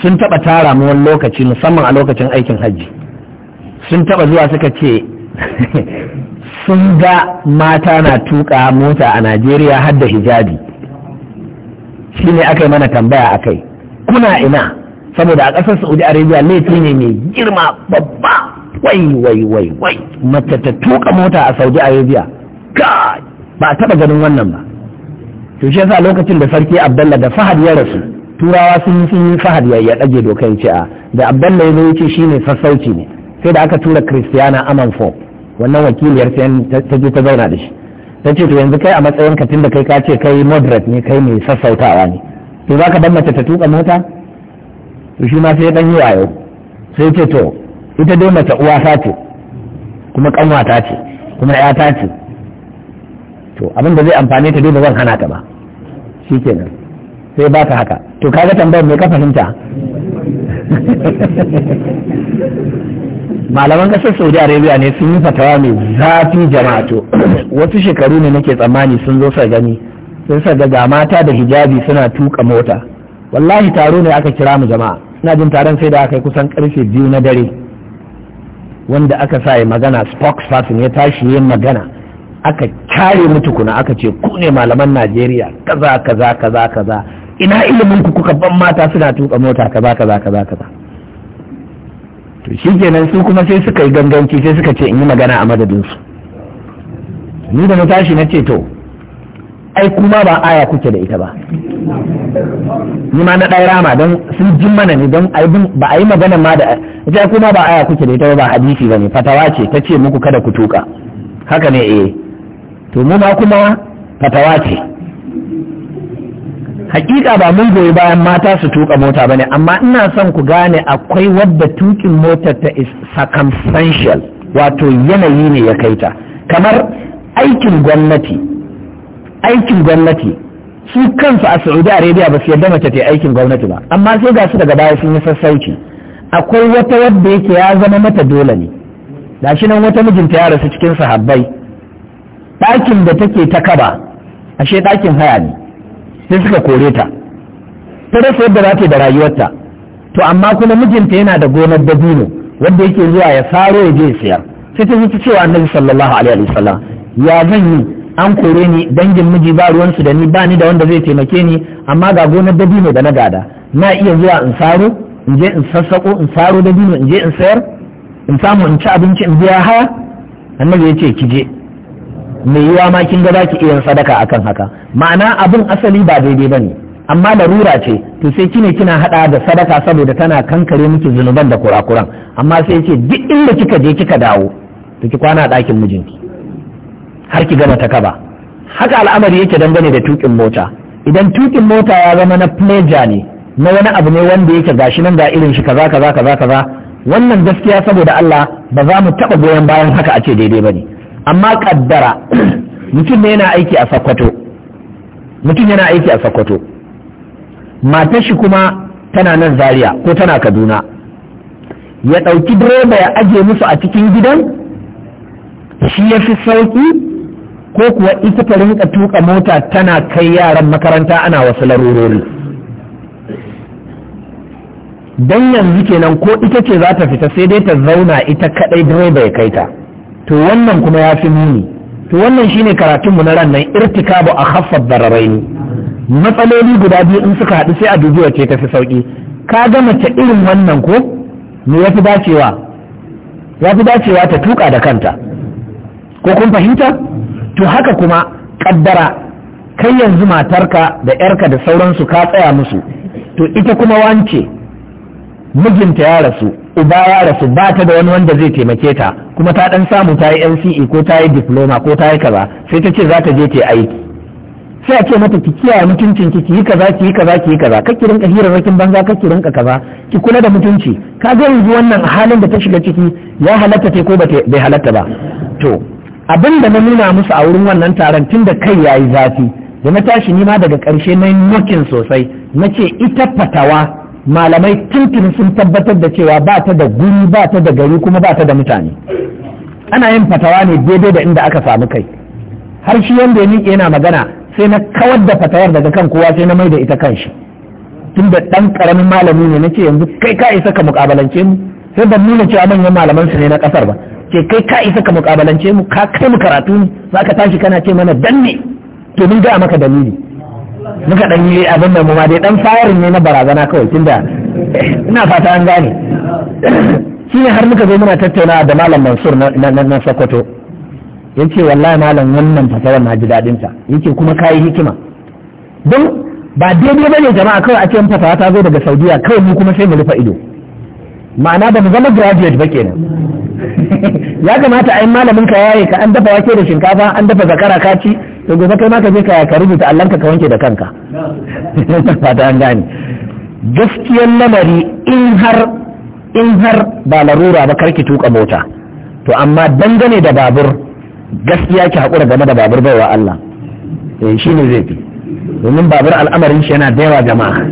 sun taba tara mu wani lokaci musamman a lokacin aikin hajji sun taba zuwa suka ce sun ga mata na tuka mota a najeriya har da hijabi shi ne aka yi mana tambaya a kai kuna ina saboda a ƙasar saudi arabia laifi ne mai girma babba wai wai wai wai mace ta tuka mota a saudi arabia ga ba a taɓa ganin wannan ba to shi yasa lokacin da sarki abdallah da fahad ya rasu turawa sun sun yi fahad ya dage dokan ce a da abdallah ya zo shi ne sassauci ne sai da aka tura christiana amanfo wannan wakiliyar sai ta je ta zauna da shi ta ce to yanzu kai a matsayin ka da kai ka ce kai moderate ne kai mai sassautawa ne to zaka ka bar mace ta tuka mota to shi ma sai dan yi wayo sai ce to ita dai mace uwata ce kuma ta ce kuma ta ce to abin da zai amfane ta dai ba zan hana ta ba shikenan sai ba ta haka to kaga tambayar me ka fahimta malaman kasar saudi arabia ne sun yi fatawa mai zafi to wasu shekaru ne nake tsammani sun zo sa gani sun sa ga mata da hijabi suna tuka mota wallahi taro ne aka kira mu jama'a na jin taron sai da aka yi kusan karfe biyu na dare wanda aka sa ya magana spokesperson ya tashi yin magana aka kyare mu tukuna aka ce ku ne malaman najeriya kaza kaza kaza kaza ina ilimin ku kuka ban mata suna tuka mota kaza kaza kaza kaza to shikenan su kuma sai suka yi ganganci sai suka ce in yi magana a madadin su ni da na tashi na ce to ai kuma ba aya kuke da ita ba ni ma na ɗaya rama don sun jin mana ne don ba a yi magana ma da ita kuma ba aya kuke da ita ba hadisi ba ne fatawa ce ta ce muku kada ku tuka haka ne eh to mu ma kuma fatawa ce hakika ba mun goyi bayan mata su tuka mota ba ne amma ina son ku gane akwai wadda tukin motar ta is circumstantial wato yanayi ne ya kaita kamar aikin gwamnati aikin gwamnati su kansu a saudi arabia ba su yarda mace ta aikin gwamnati ba amma sai ga su daga baya sun yi sassauci akwai wata wadda yake ya zama mata dole ne da shi nan wata mijinta ya rasu cikin sahabbai ɗakin da take ta kaba ashe ɗakin haya ne sai suka kore ta ta rasa yadda za ta da rayuwarta to amma kuma mijinta yana da gonar dabino wanda yake zuwa ya saro ya je siyar sai ta zuci cewa annabi sallallahu alaihi wasallam ya zan yi an kore ni dangin miji ba ruwansu da ni ba ni da wanda zai taimake ni amma ga gonar dabino da na gada na iya zuwa in saro in je in sassako in saro dabino in je in sayar in samu in ci abinci in biya haya annabi ya ce ki je mai yiwa ma kin ga zaki iya sadaka akan haka ma'ana abin asali ba daidai bane amma larura ce to sai kine kina hada da sadaka saboda tana kankare miki zunuban da kurakuran amma sai ce duk inda kika je kika dawo to ki kwana a ɗakin mijinki har ki gama ta kaba haka al'amari yake dangane da tukin mota idan tukin mota ya zama na pleasure ne na wani abu ne wanda yake gashi nan ga irin shi kaza kaza kaza kaza wannan gaskiya saboda Allah ba za mu taba goyon bayan haka a ce daidai ba ne amma kaddara mutum ne yana aiki a sakwato mutum yana aiki a sakwato matar shi kuma tana nan zariya ko tana kaduna ya ɗauki direba ya ajiye musu a cikin gidan shi ya fi sauki. ko kuwa ita ta rinka tuka mota tana kai yaran makaranta ana wasu larurori dan yanzu kenan ko ita ce za ta fita sai dai ta zauna ita kaɗai direba ya kai ta to wannan kuma ya fi muni to wannan shine karatunmu na ran nan irtikabu a haffar ne matsaloli guda biyu in suka haɗu sai a dubi wace ta fi sauki ka ga mace irin wannan ko me ya fi dacewa ya fi dacewa ta tuka da kanta ko kun fahimta to haka kuma kaddara kai yanzu matarka da yarka da sauransu ka tsaya musu to ita kuma wance mijinta ya rasu uba ya rasu ba ta da wani wanda zai taimake ta kuma ta dan samu ta yi NCE ko ta yi diploma ko ta yi kaza sai ta ce za ta je ta aiki sai a ce mata ki kiyaye mutuncin ki yi kaza ki yi kaza ki yi kaza kake rinka rakin banza kake rinka kaza ki kula da mutunci ka ga yanzu wannan halin da ta shiga ciki ya halatta ta ko bai halatta ba to abin da na nuna musu a wurin wannan taron tun da kai ya yi zafi da na tashi nima daga ƙarshe na yi sosai na ce ita fatawa malamai tuntun sun tabbatar da cewa ba ta da guri ba ta da gari kuma ba ta da mutane ana yin fatawa ne daidai da inda aka samu kai har shi wanda ya miƙe yana magana sai na kawar da fatawar daga kan kowa sai na mai da ita kanshi tun da ɗan ƙaramin malami ne na ce yanzu kai ka isa ka muƙabalance mu sai ban nuna cewa manyan malaman su ne na ƙasar ba ce kai ka isa ka mukabalance mu ka kai mu karatu za ka tashi kana ce mana ne to mun gaya maka dalili muka dan yi abin da mu ma dai dan fayarin ne na barazana kawai tunda eh, ina fata an gane shi ne har muka zo muna tattaunawa da malam mansur na sokoto ya ce wallahi malam wannan fasara na ji daɗinta ya ce kuma kayi hikima don ba daidai ba ne jama'a kawai ake yin fatawa ta zo daga saudiya kawai mu kuma sai mu rufe ido ma'ana ba mu zama graduate ba kenan ya kamata a yi malamin ka yaye ka an dafa wake da shinkafa an dafa zakara ka ci to gobe kai ma ka je ka rubuta Allah ka wanke da kanka fata an gani gaskiyar lamari in har in har ba larura ba karki tuka mota to amma dangane da babur gaskiya ki haƙura game da babur baiwa Allah eh shine zai fi domin babur al'amarin shi yana da yawa jama'a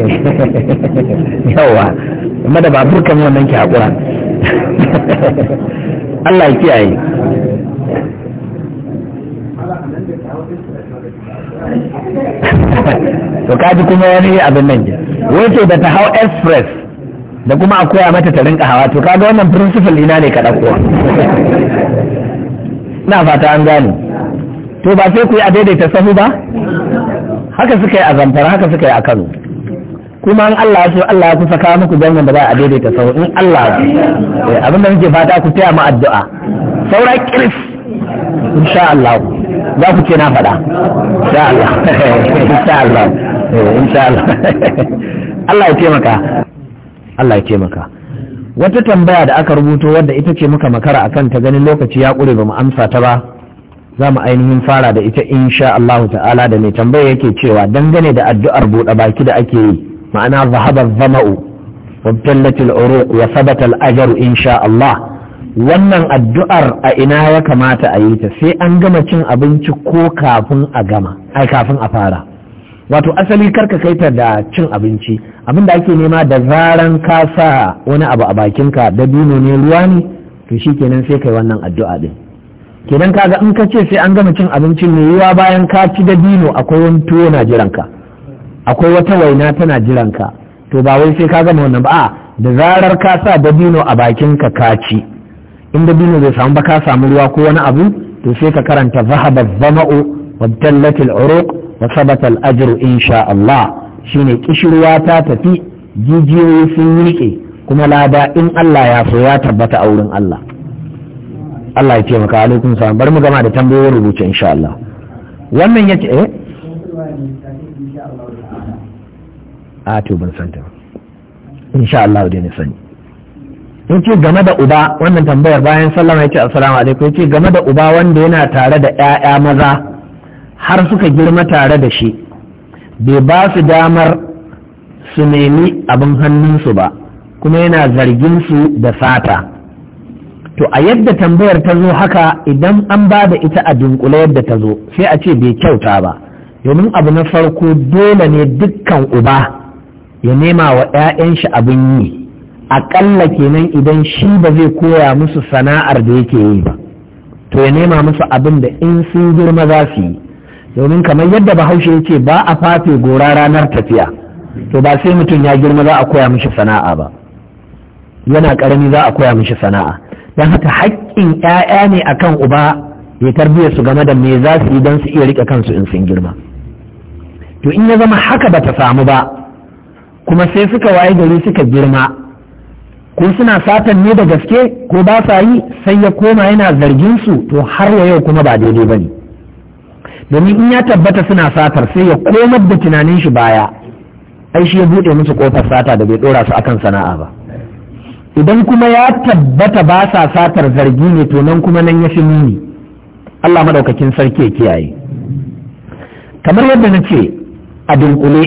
yawa game da babur kan wannan ki haƙura Allah ya kiyaye to kaji kuma wani abin nan ke wace da ta hau express da kuma a koya mata ta rinka hawa to kaga wannan principle ina ne ka ɗauko na fata an gane to ba sai ku yi a daidaita sahu ba haka suka yi a zamfara haka suka yi a kano kuma in Allah so Allah ya kusa kawo muku jannan da ba a daidaita sau in Allah ya eh, abinda muke fata ku taya mu addu'a saura kirif insha Allah za ku ce na faɗa insha Allah insha Allah eh, insha Allah Allah ya taimaka Allah ya taimaka wata tambaya da aka rubuto wadda ita ce muka makara akan ta ganin lokaci ya kure ba mu amsa ta ba za mu ainihin fara da ita insha Allah ta'ala da mai tambaya yake cewa dangane da addu'ar buɗe baki da ake yi ma'ana zahabar zama'u wabtallatil uruq wa sabata al insha Allah wannan addu'ar a ina ya kamata a yi ta sai an gama cin abinci ko kafin a fara wato asali karka kai ta da cin abinci da ake nema da zaran ka sa wani abu a bakinka dabino ne ruwa ne to shikenan sai kai wannan addu'a din kenan kaga in ka ce sai an gama cin abincin mai yiwa bayan ka ci dabino akwai wani tuwo na jiran ka. akwai wata waina tana jiranka to ba wai sai ka gama wannan ba da zarar ka sa dabino a bakin ka ci in dabino zai samu ba ka samu ruwa ko wani abu to sai ka karanta zahaba zama'u wa dallatil uruq wa sabata insha Allah shine kishirwa ta tafi jijiyoyi sun rike kuma lada in Allah ya so ya tabbata a wurin Allah Allah ya taimaka alaikum salam bari mu gama da tambayoyin rubuce insha Allah wannan yace eh a to ban Allah dai ne sani yace game da uba wannan tambayar bayan sallama yace assalamu alaikum yace game da uba wanda yana tare da ƴaƴa maza har suka girma tare da shi bai ba su damar su nemi abin hannunsu ba kuma yana zargin su da sata to a yadda tambayar ta zo haka idan an ba da ita a dunkule yadda ta zo sai a ce bai kyauta ba domin abu na farko dole ne dukkan uba ya nema wa 'ya'yan shi abin yi aƙalla kenan idan shi ba zai koya musu sana'ar da yake yi ba to ya nema musu abin da in sun girma za su yi domin kamar yadda bahaushe ya ce ba a fafe gora ranar tafiya to ba sai mutum ya girma za a koya mishi sana'a ba yana ƙarami za a koya mishi sana'a don haka haƙƙin 'ya'ya ne akan uba ya tarbiya su game da me za su yi don su iya riƙe kansu in sun girma to in ya zama haka ba ta samu ba kuma sai suka waye gari suka girma ko suna satan ne da gaske ko ba sa yi sai ya koma yana zargin su to har ya yau kuma ba daidai ba ne domin in ya tabbata suna satar sai ya komar da tunanin shi baya ai shi ya bude musu kofar sata da bai ɗora su akan sana'a ba idan kuma ya tabbata ba sa satar zargi ne to nan kuma nan ya fi muni Allah madaukakin sarki ya kiyaye kamar yadda na ce a dunkule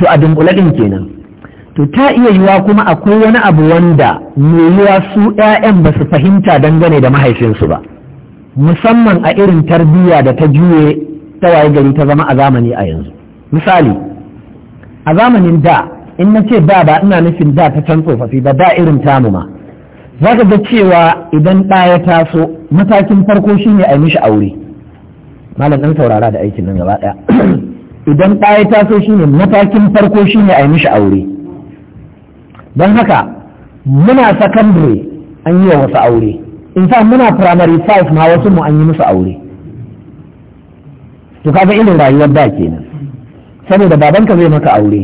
to a dunkule din kenan to ta iya yiwa kuma akwai wani abu wanda mai yiwa su 'ya'yan ba su fahimta dangane da mahaifinsu ba musamman a irin tarbiyya da ta juye ta waye gari ta zama a zamani a yanzu misali a zamanin da in na ce da ba ina nufin da ta can tsofaffi ba da irin tamu ma za ka ga cewa idan ɗa ya taso matakin farko shine a yi mishi aure malam ɗan saurara da aikin nan gaba ɗaya idan ɗa ya taso shine matakin farko shine a yi mishi aure don haka muna secondary an yi wa wasu aure in sa muna primary five ma wasu mu an yi musu aure to kaga irin rayuwar da kenan saboda babanka zai maka aure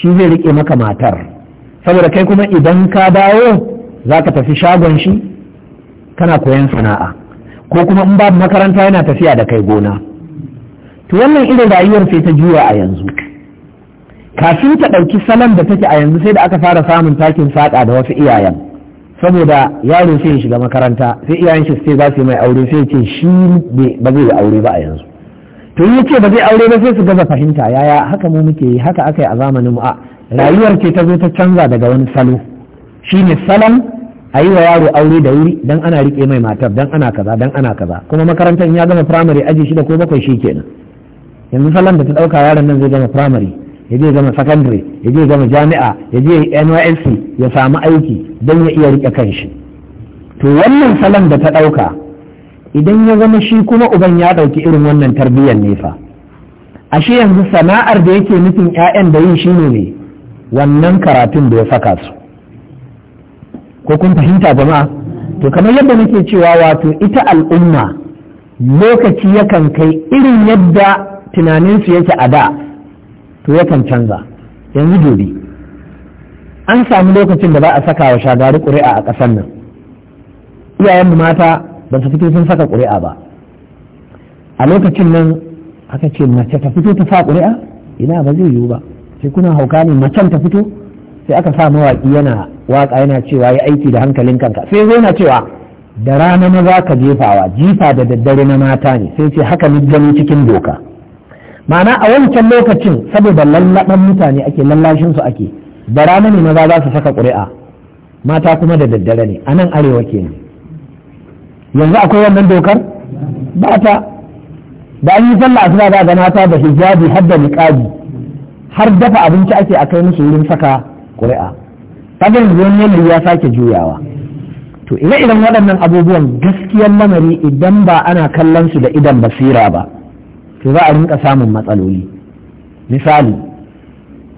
shi zai rike maka matar saboda kai kuma idan ka dawo za ka tafi shagon shi kana koyan sana'a ko kuma in babu makaranta yana tafiya da kai gona to wannan irin rayuwar sai ta juya a yanzu kafin ta ɗauki salon da take a yanzu sai da aka fara samun takin saɗa da wasu iyayen saboda yaro sai ya shiga makaranta sai iyayen shi sai za su mai aure sai ce shi ba zai yi aure ba a yanzu to yi ce ba zai aure ba sai su gaza fahimta yaya haka mu muke yi haka aka yi a zamanin mu a rayuwar ce ta zo ta canza daga wani salo shine salon a yi wa yaro aure da wuri dan ana rike mai matar dan ana kaza dan ana kaza kuma makarantar ya gama firamare aji shida ko bakwai shi kenan yanzu salon da ta ɗauka yaron nan zai gama firamare ya je gama secondary ya je gama jami'a ya je nysc ya samu aiki don ya iya rike shi. to wannan salon da ta ɗauka idan ya zama shi kuma uban ya ɗauki irin wannan tarbiyyar nefa ashe yanzu sana'ar da yake nufin 'ya'yan da yin shi ne wannan karatun da ya saka su ko kun fahimta jama'a to kamar yadda nake cewa wato ita al'umma lokaci yakan kai irin yadda tunaninsu yake a da to yakan canza yanzu gobe an samu lokacin da ba a saka wa shagari ƙuri'a a ƙasar nan iyayen mata ba su fito sun saka ƙuri'a ba a lokacin nan aka ce mace ta fito ta sa ƙuri'a ina ba zai yiwu ba sai kuna hauka ne macen ta fito sai aka sa mawaƙi yana waka yana cewa ya aiki da hankalin kanka sai zai na cewa da rana maza ka jefawa jifa da daddare na mata ne sai ce haka ni gani cikin doka ma'ana a wancan lokacin saboda lallaban mutane ake lallashin su ake da rana ne maza za su saka ƙuri'a mata kuma da daddare ne a nan arewa kenan yanzu akwai wannan dokar ba ta da an yi sallah asuba za ga mata da hijabi har da niqabi har dafa abinci ake akai musu wurin saka ƙuri'a kaga yanzu wani yanayi ya sake juyawa to ire iren waɗannan abubuwan gaskiyar lamari idan ba ana kallon su da idan basira ba to za a rinka samun matsaloli misali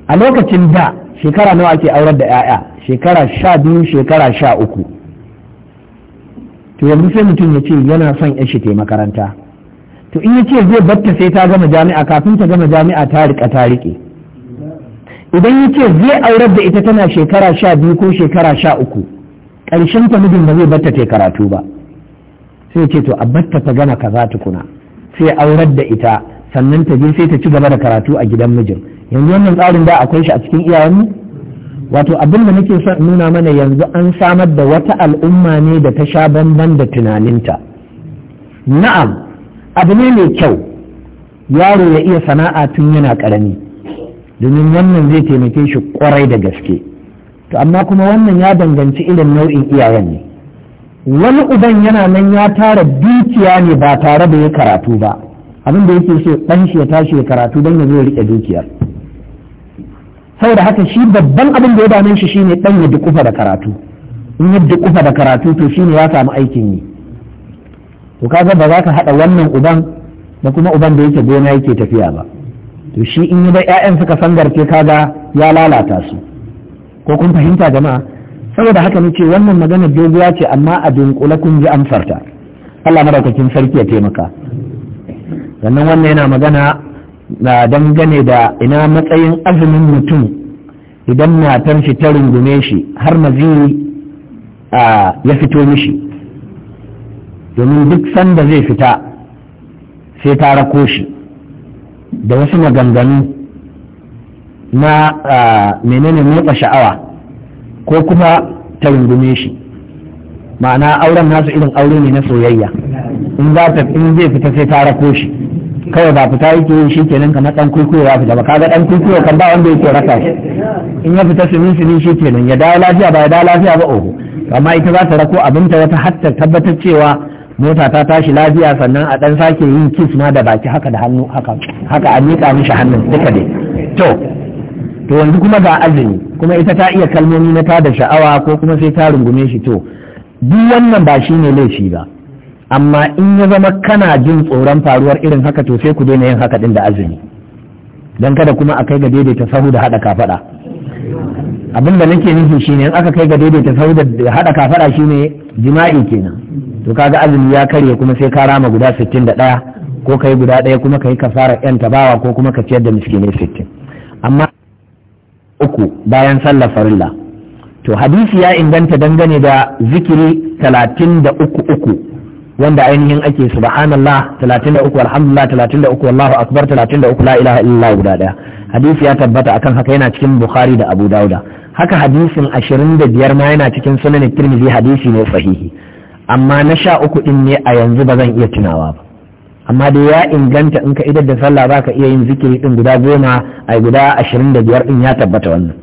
a lokacin da shekara nawa ake aurar da 'ya'ya shekara sha biyu shekara sha uku to yanzu sai mutum ya ce yana son ya shi makaranta to in ya ce zai batta sai ta gama jami'a kafin ta gama jami'a ta rika ta rike idan ya ce zai aurar da ita tana shekara sha biyu ko shekara sha uku ƙarshen ta mijin ba zai batta ta karatu ba sai ce to a batta ta gama kaza tukuna sai aurar da ita sannan ta je sai ta ci gaba da karatu a gidan mijin yanzu wannan tsarin da akwai shi a cikin iyayenmu wato abin da nake son nuna mana yanzu an samar da wata al'umma ne da ta sha banban da tunaninta na'am abu ne mai kyau yaro ya iya sana'a tun yana karami domin wannan zai taimake shi kwarai da gaske to amma kuma wannan ya danganci irin nau'in iyayen ne wani uban yana nan ya tara dukiya ne ba tare da ya karatu ba abin da yake so dan shi ya tashi ya karatu don ya zo rike dukiyar saboda haka shi babban abin da ya dame shi shine dan ya dukufa da karatu in ya dukufa da karatu to shine ya samu aikin yi to kaga ba za ka hada wannan uban da kuma uban da yake gona yake tafiya ba to shi in yi da 'ya'yan suka sangarce kaga ya lalata su ko kun fahimta jama'a saboda haka ne ce wannan magana doguwa ce amma a dunkule kun ji amsarta Allah madaukakin sarki ya taimaka sannan wannan yana magana na dangane da ina matsayin azumin mutum idan matar shi ta rungume shi har maziyi ya fito mishi domin duk sanda zai fita sai ta rako shi da wasu maganganu na menene motsa sha'awa ko kuma ta rungume shi ma'ana auren nasu irin aure ne na soyayya in za ta in zai fita sai ta rako shi kawai ba fita yake yi shi kenan kamar dan kuikuyo ya fita ba kaga dan kuikuyo kan ba wanda yake raka shi in ya fita sumin sumin shi kenan ya dawo lafiya ba ya dawo lafiya ba oho amma ita za ta rako abinta wata hatta tabbatar cewa mota ta tashi lafiya sannan a dan sake yin kiss ma da baki haka da hannu haka haka a miƙa mishi hannun duka dai to to yanzu kuma ga azumi kuma ita ta iya kalmomi na tada sha'awa ko kuma sai ta rungume shi to duk wannan ba shi ne laifi ba amma in ya zama kana jin tsoron faruwar irin haka to sai ku daina yin haka din da azumi dan kada kuma a kai ga daidaita sahu da hada kafada abin da nake nufi shine in aka kai ga daidaita sahu da hada kafada shine jima'i kenan to kaga azumi ya karye kuma sai ka rama guda sittin 61 ko kai guda ɗaya kuma kai kasarar yan tabawa ko kuma ka ciyar da miskinai 60 amma uku bayan sallar farilla to hadisi ya inganta dangane da zikiri talatin da uku uku wanda ainihin ake subhanallah talatin da uku alhamdulillah talatin da uku wallahu akbar talatin da uku la ilaha illallah guda daya hadisi ya tabbata akan haka yana cikin bukhari da abu dauda haka hadisin ashirin da biyar ma yana cikin sunan tirmidhi hadisi ne sahihi amma na sha uku din ne a yanzu ba zan iya tunawa ba amma dai ya inganta in ka idar da sallah za ka iya yin zikiri din guda goma a guda ashirin da biyar din ya tabbata wannan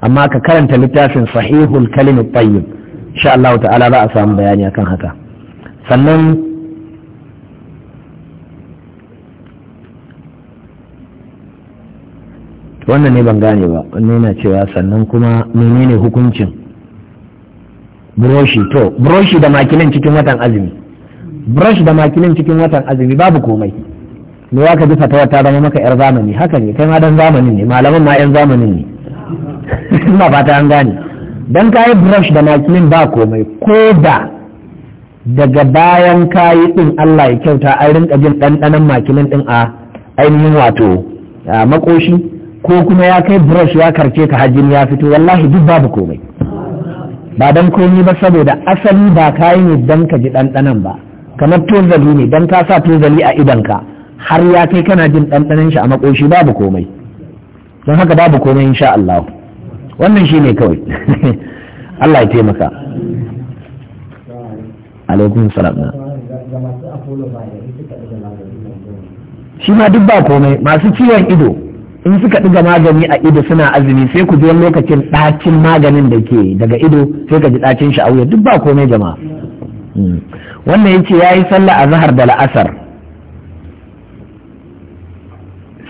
amma ka karanta littafin sahihul kalimu tayyib insha Allah ta'ala za a samu bayani akan haka sannan wannan ne ban gane ba wannan yana cewa sannan kuma menene hukuncin buroshi to buroshi da makilin cikin watan azumi brush da makilin cikin watan azumi babu komai me ya ka ji fatawa ta zama maka yar zamani haka ne kai ma dan zamanin ne malaman ma yan zamanin ne ina fata an gane dan kayi brush da makilin ba komai ko da daga bayan kayi din Allah ya kyauta ai rinka jin ɗanɗanon makilin din a ainihin wato makoshi ko kuma ya kai brush ya karce ka hajjin ya fito wallahi duk babu komai ba dan komai ba saboda asali ba kayi ne dan ka ji ɗanɗanon ba kamar tozali ne don ka sa tozali a idanka har ya kai kana jin ɗanɗanin shi a makoshi babu komai don haka babu komai insha Allah wannan shi ne kawai Allah ya taimaka alaikun salamna shi ma duk ba komai masu ciwon ido in suka ɗiga magani a ido suna azumi sai ku je lokacin ɗacin maganin da ke daga ido sai ka ji ɗacin shi a duk ba komai jama'a hmm. wannan ya yi sallah a zahar da la'asar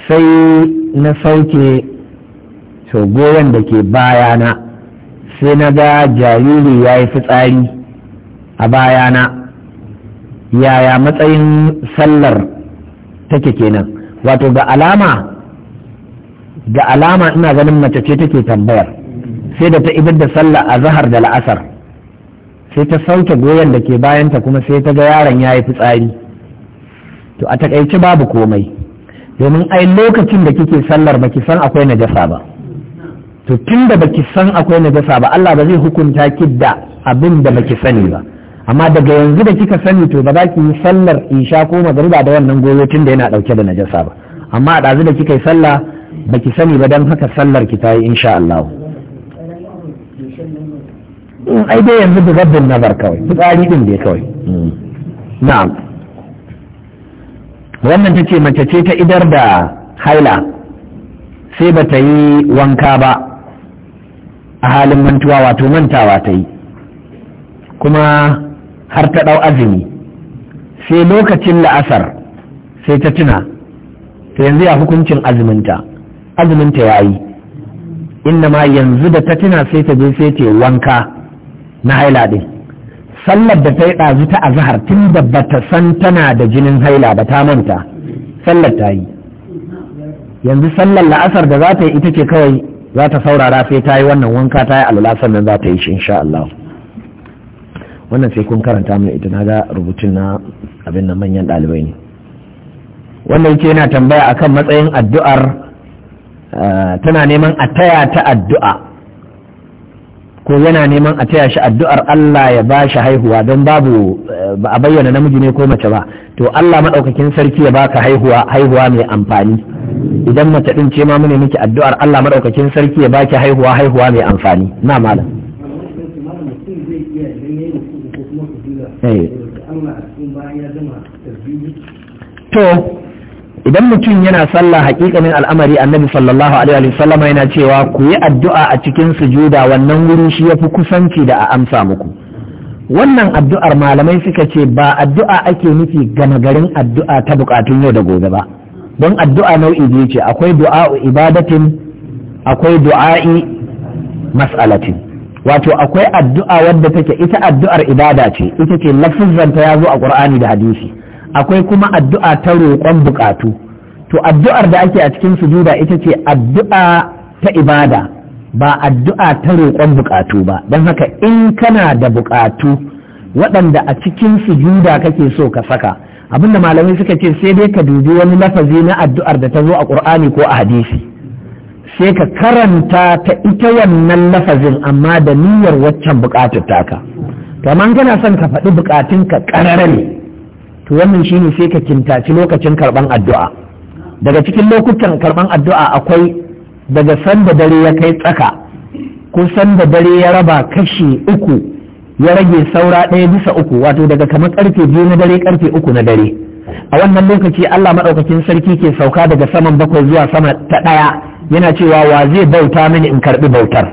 sai na sauke goyon da ke bayana sai na ga jariri ya yi fitsari a bayana yaya matsayin sallar take kenan wato ga alama ga alama ina ganin mace ce take tambayar sai da ta ibar da sallah a zahar da la'asar sai ta sauke goyon da ke bayanta kuma sai ta ga yaron ya yi fitsari to a takaice babu komai domin ai lokacin da kike sallar baki san akwai najasa ba to tun da baki san akwai najasa ba Allah ba zai hukunta ki da abin da baki sani ba amma daga yanzu da kika sani to ba za ki yi sallar isha ko magariba da wannan goyo tun da yana dauke da najasa ba amma a ɗazu da kika yi sallah baki sani ba don haka sallar ki ta yi insha Allah in ai dai yanzu da rabbin nazar kawai fitsari din dai kawai na'am wannan ta ce mace ce ta idar da haila sai ba ta yi wanka ba a halin mantuwa wato mantawa ta yi kuma har ta ɗau azumi sai lokacin la'asar sai ta tuna ta yanzu ya hukuncin azuminta azuminta ya yi inna ma yanzu da ta tuna sai ta je sai ta wanka na haila ɗin sallar da ta yi ɗazu ta azahar tun da ba ta san tana da jinin haila ba ta manta sallar ta yi yanzu sallar la'asar da za ta yi ita ce kawai za ta saurara sai ta yi wannan wanka ta yi alula sannan za ta yi shi insha Allah wannan sai kun karanta mai ita na ga rubutun na abin nan manyan ɗalibai ne wannan yake yana tambaya akan matsayin addu'ar eh, tana neman a taya ta addu'a ko yana neman a taya shi addu'ar Allah ya ba shi haihuwa don babu eh, ba a bayyana namiji ne ko mace ba to Allah maɗaukakin sarki ya baka haihuwa haihuwa mai amfani idan mace ɗin ce ma mune miki addu'ar Allah maɗaukakin sarki ya baki haihuwa haihuwa mai amfani na malam eh. to idan mutum yana sallah hakikanin al'amari annabi sallallahu alaihi wasallama yana cewa ku yi addu'a a cikin sujuda wannan wuri shi yafi kusanci da a amsa muku wannan addu'ar malamai suka ce ba addu'a ake nufi gama garin addu'a ta bukatun yau da gobe ba don addu'a nau'i biyu ce akwai du'a ibadatin akwai du'a'i mas'alatin wato akwai addu'a wadda take ita addu'ar ibada ce ita ce lafuzzanta ya zo a qur'ani da hadisi akwai kuma addu'a ta roƙon buƙatu, to addu'ar da ake a cikin sujuda ita ce addu'a ta ibada ba addu'a ta roƙon buƙatu ba don haka in kana da buƙatu, waɗanda a cikin sujuda kake so ka saka abinda malamai suka ce sai dai ka dubi wani lafazi na addu'ar da ta zo a ƙur'ani ko a hadisi sai ka karanta ta ita wannan lafazin amma da niyyar waccan bukatar taka to kana son ka faɗi buƙatun ka ƙararre to wannan shine sai ka kintaci lokacin karban addu'a daga cikin lokutan karban addu'a akwai daga sanda dare ya kai tsaka ko da dare ya raba kashi uku ya rage saura ɗaya bisa uku wato daga kamar karfe biyu na dare karfe uku na dare a wannan lokaci Allah maɗaukakin sarki ke sauka daga saman bakwai zuwa sama ta ɗaya yana cewa wa zai bauta mini in karɓi bautar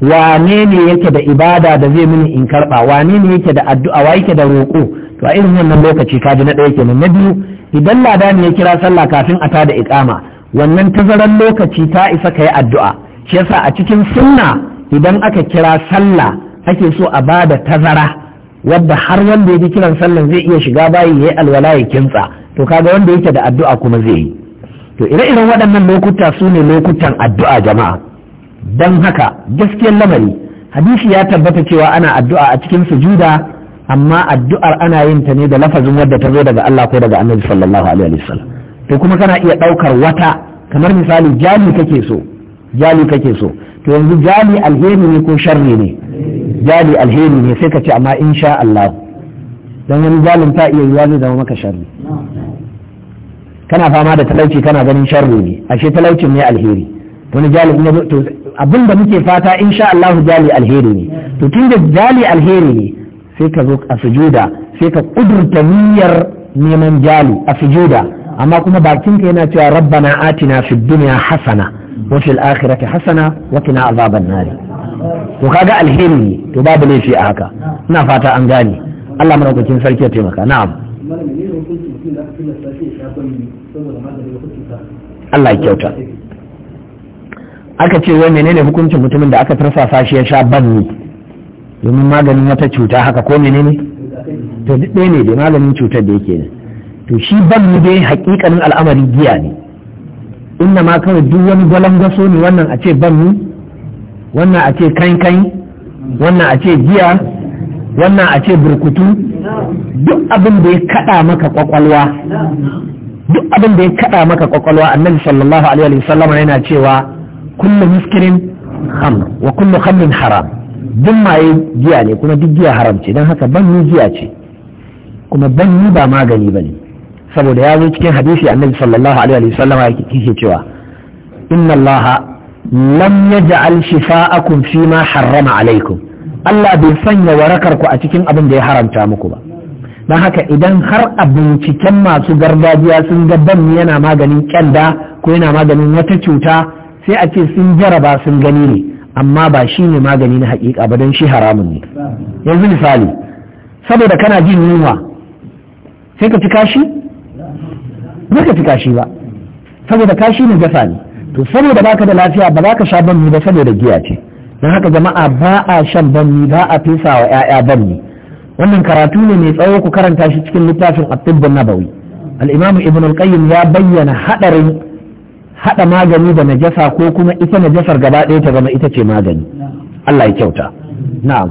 wane ne yake da ibada da zai mini in karɓa wane ne yake da addu'a wa yake da roƙo to a irin wannan lokaci ka ji na ɗaya kenan na biyu idan lada ladani ya kira sallah kafin a tada ikama, wannan tazaran lokaci ta isa ka yi addu'a shi yasa a cikin sunna idan aka kira sallah ake so a bada tazara wadda har wanda ya ji kiran sallan zai iya shiga bayi ya yi alwala ya kintsa to kaga wanda yake da addu'a kuma zai yi to ire-iren waɗannan lokuta su ne lokutan addu'a jama'a don haka gaskiyar lamari hadisi ya tabbata cewa ana addu'a a cikin sujuda amma addu'ar ana yin ta ne da lafazin wadda ta zo daga Allah ko daga Annabi sallallahu alaihi wasallam to kuma kana iya daukar wata kamar misali jali kake so jali kake so to yanzu jali alheri ne ko sharri ne jali alheri ne sai ka ce amma insha Allah dan wani jalin ta iya yiwa zai zama maka sharri kana fama da talauci kana ganin sharri ne ashe talaucin ne alheri wani jali in to abinda muke fata insha Allah jali alheri ne to tun jali alheri ne sai ka zo a sujuda sai ka kudurta niyyar neman jali a sujuda amma kuma bakinka yana cewa rabbana atina fid dunya hasana wa fil akhirati hasana wa qina azaban nar to kaga alheri ne to babu laifi a haka ina fata an gane Allah madaukakin sarki ya taimaka na'am Allah ya kyauta aka ce wai menene hukuncin mutumin da aka tarsa shi ya sha banni domin maganin wata cuta haka ko menene to duk ɗaya ne da maganin cutar da yake ne to shi ban mu dai hakikanin al'amari giya ne inna ma kawai duk wani gwalangwaso ne wannan a ce ban mu wannan a ce kankan wannan a ce giya wannan a ce burkutu duk abin da ya kaɗa maka kwakwalwa duk abin da ya kaɗa maka kwakwalwa annabi sallallahu alaihi wa yana cewa kullu muskirin khamr wa kullu khamrin haram duk maye giya ne kuma duk giya haram ce don haka banni giya ce kuma banni ba magani ba ne saboda ya zo cikin hadisi annabi sallallahu alaihi wasallama yake cewa inna allaha lam yaj'al shifa'akum fi ma harrama alaikum Allah bai sanya warakar ku a cikin abin da ya haramta muku ba don haka idan har a binciken masu gargajiya sun ga ban yana maganin kyanda ko yana maganin wata cuta sai a ce sun jaraba sun gani ne amma ba shi ne magani na haƙiƙa ba don shi haramun ne yanzu misali saboda kana jin yunwa sai ka ci kashi ba ka ci kashi ba saboda kashi ne gasa ne to saboda baka da lafiya ba za ka sha banmi ba saboda giya ce don haka jama'a ba a shan banmi ba a fesa wa 'ya'ya banmi wannan karatu ne mai tsawo ku karanta shi cikin littafin at nabawi al-imam ibn al-qayyim ya bayyana hadarin haɗa magani da najasa ko kuma ita najasar gaba ɗaya ta zama ita ce magani Allah ya kyauta na'am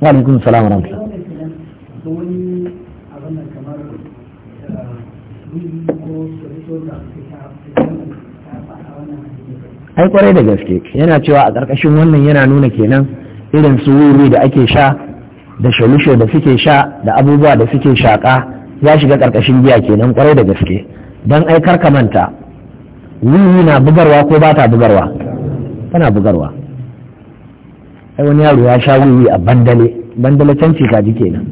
wa alaikum salam wa rahmatullah ai kwarai da gaske yana cewa a ƙarƙashin wannan yana nuna kenan irin su wuri da ake sha da shalusho da suke sha da abubuwa da suke shaƙa ya shiga ƙarƙashin giya kenan kwarai da gaske don ai karka manta wiwi na bugarwa ko ba ta bugarwa tana bugarwa ai wani yaro ya sha wiwi a bandale bandale can ce kaji kenan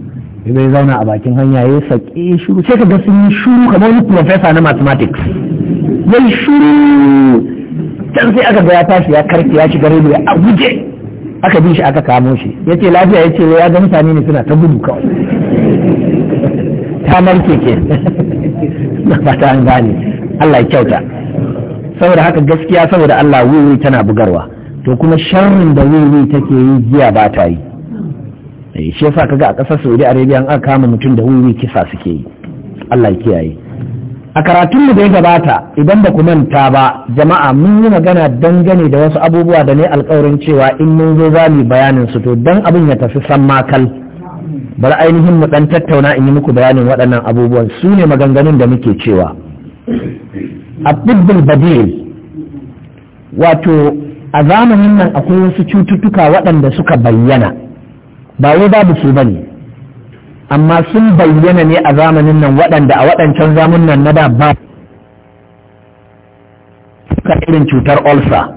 bai zauna a bakin hanya ya saki shuru sai ka ga sun yi shuru kamar wani professor na mathematics zai shuru can sai aka ga ya tashi ya karfi ya shiga rediyo a guje aka bi shi aka kamo shi ya ce lafiya ya ce ya ga mutane ne suna ta gudu kawai ta marke ke na fata an gane Allah ya kyauta saboda haka gaskiya saboda Allah wiwi tana bugarwa to kuma sharrin da wiwi take yi giya ba ta yi eh shi yasa kaga a kasar Saudi Arabia an aka kama mutum da wiwi kisa suke yi Allah ya kiyaye a karatun da ya gabata idan ba ku manta ba jama'a mun yi magana dangane da wasu abubuwa da ne alkawarin cewa in mun zo za mu bayanin su to dan abin ya tafi san makal bar ainihin mu dan tattauna in yi muku bayanin waɗannan abubuwan su ne maganganun da muke cewa abdul badil wato a zamanin nan akwai wasu cututtuka waɗanda suka bayyana ba wai babu su bane amma sun bayyana ne a nan waɗanda a waɗancan zamanin na da ba ka irin cutar olsa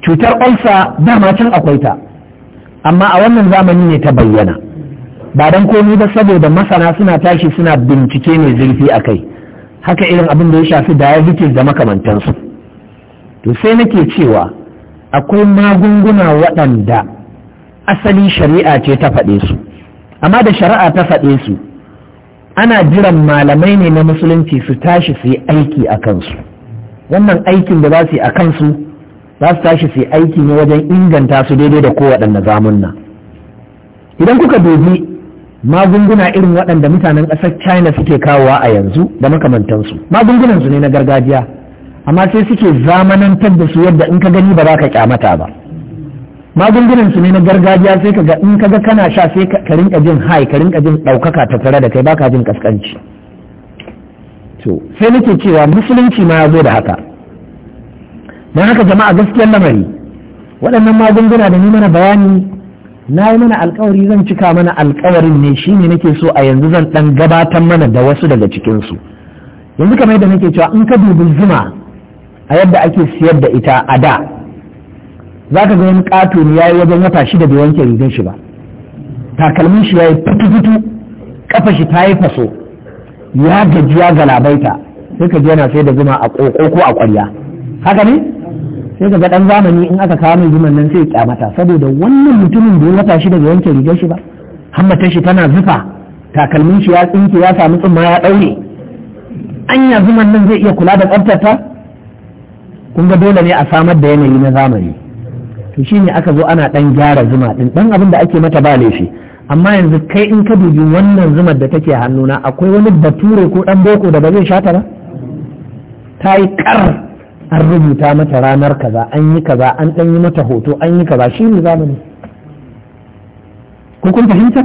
cutar olsa dama can akwai ta amma a wannan zamani ne ta bayyana ba don komi ba saboda masana suna tashi suna bincike mai zurfi a kai haka irin abin da ya shafi diabetes da makamantansu to sai nake cewa akwai magunguna waɗanda asali shari'a ce ta faɗe su amma da shari'a ta faɗe su ana jiran malamai ne na musulunci su tashi su yi aiki a kansu wannan aikin da za su yi a kansu za su tashi su yi aiki ne wajen inganta su daidai da kowaɗanne zamunna idan kuka dubi magunguna irin waɗanda mutanen ƙasar china suke kawowa a yanzu da makamantansu magungunan su ne na gargajiya amma sai suke zamanantar da su yadda in ka gani ba za ka kyamata ba magungunan su ne na gargajiya sai ka ga in ka ga kana sha sai ka rinka jin hai ka rinka jin ɗaukaka ta tare da kai baka jin kaskanci to sai nake cewa musulunci ma ya zo da haka don haka jama'a gaskiyar lamari waɗannan magunguna da ni mana bayani na yi mana alkawari zan cika mana alkawarin ne shi ne nake so a yanzu zan dan gabatar mana da wasu daga cikinsu yanzu kamar yadda nake cewa in ka dubi zuma a yadda ake siyar da ita a da za ka ga wani ƙato ne ya yi wajen wata shida bai wanke rigar shi ba takalmin shi ya yi fitu-fitu kafa shi ta yi faso ya gajiya ya galabaita sai ka ji yana sai da zuma a ƙoƙo ko a ƙwarya haka ne sai ka ga dan zamani in aka kawo mai zuman nan sai kyamata saboda wannan mutumin da ya wata shi daga yanke rigar shi ba hammatar shi tana zufa takalmin shi ya tsinke ya samu tsumma ya daure anya zuman nan zai iya kula da tsabtata kun ga dole ne a samar da yanayi na zamani to shine aka zo ana ɗan gyara zuma din dan abin da ake mata ba laifi amma yanzu kai in ka dubi wannan zumar da take hannuna akwai wani bature ko dan boko da ba zai shata ba ta yi kar an rubuta mata ranar kaza an yi kaza an dan yi mata hoto an yi kaza shi ne zamani ko kun fahimta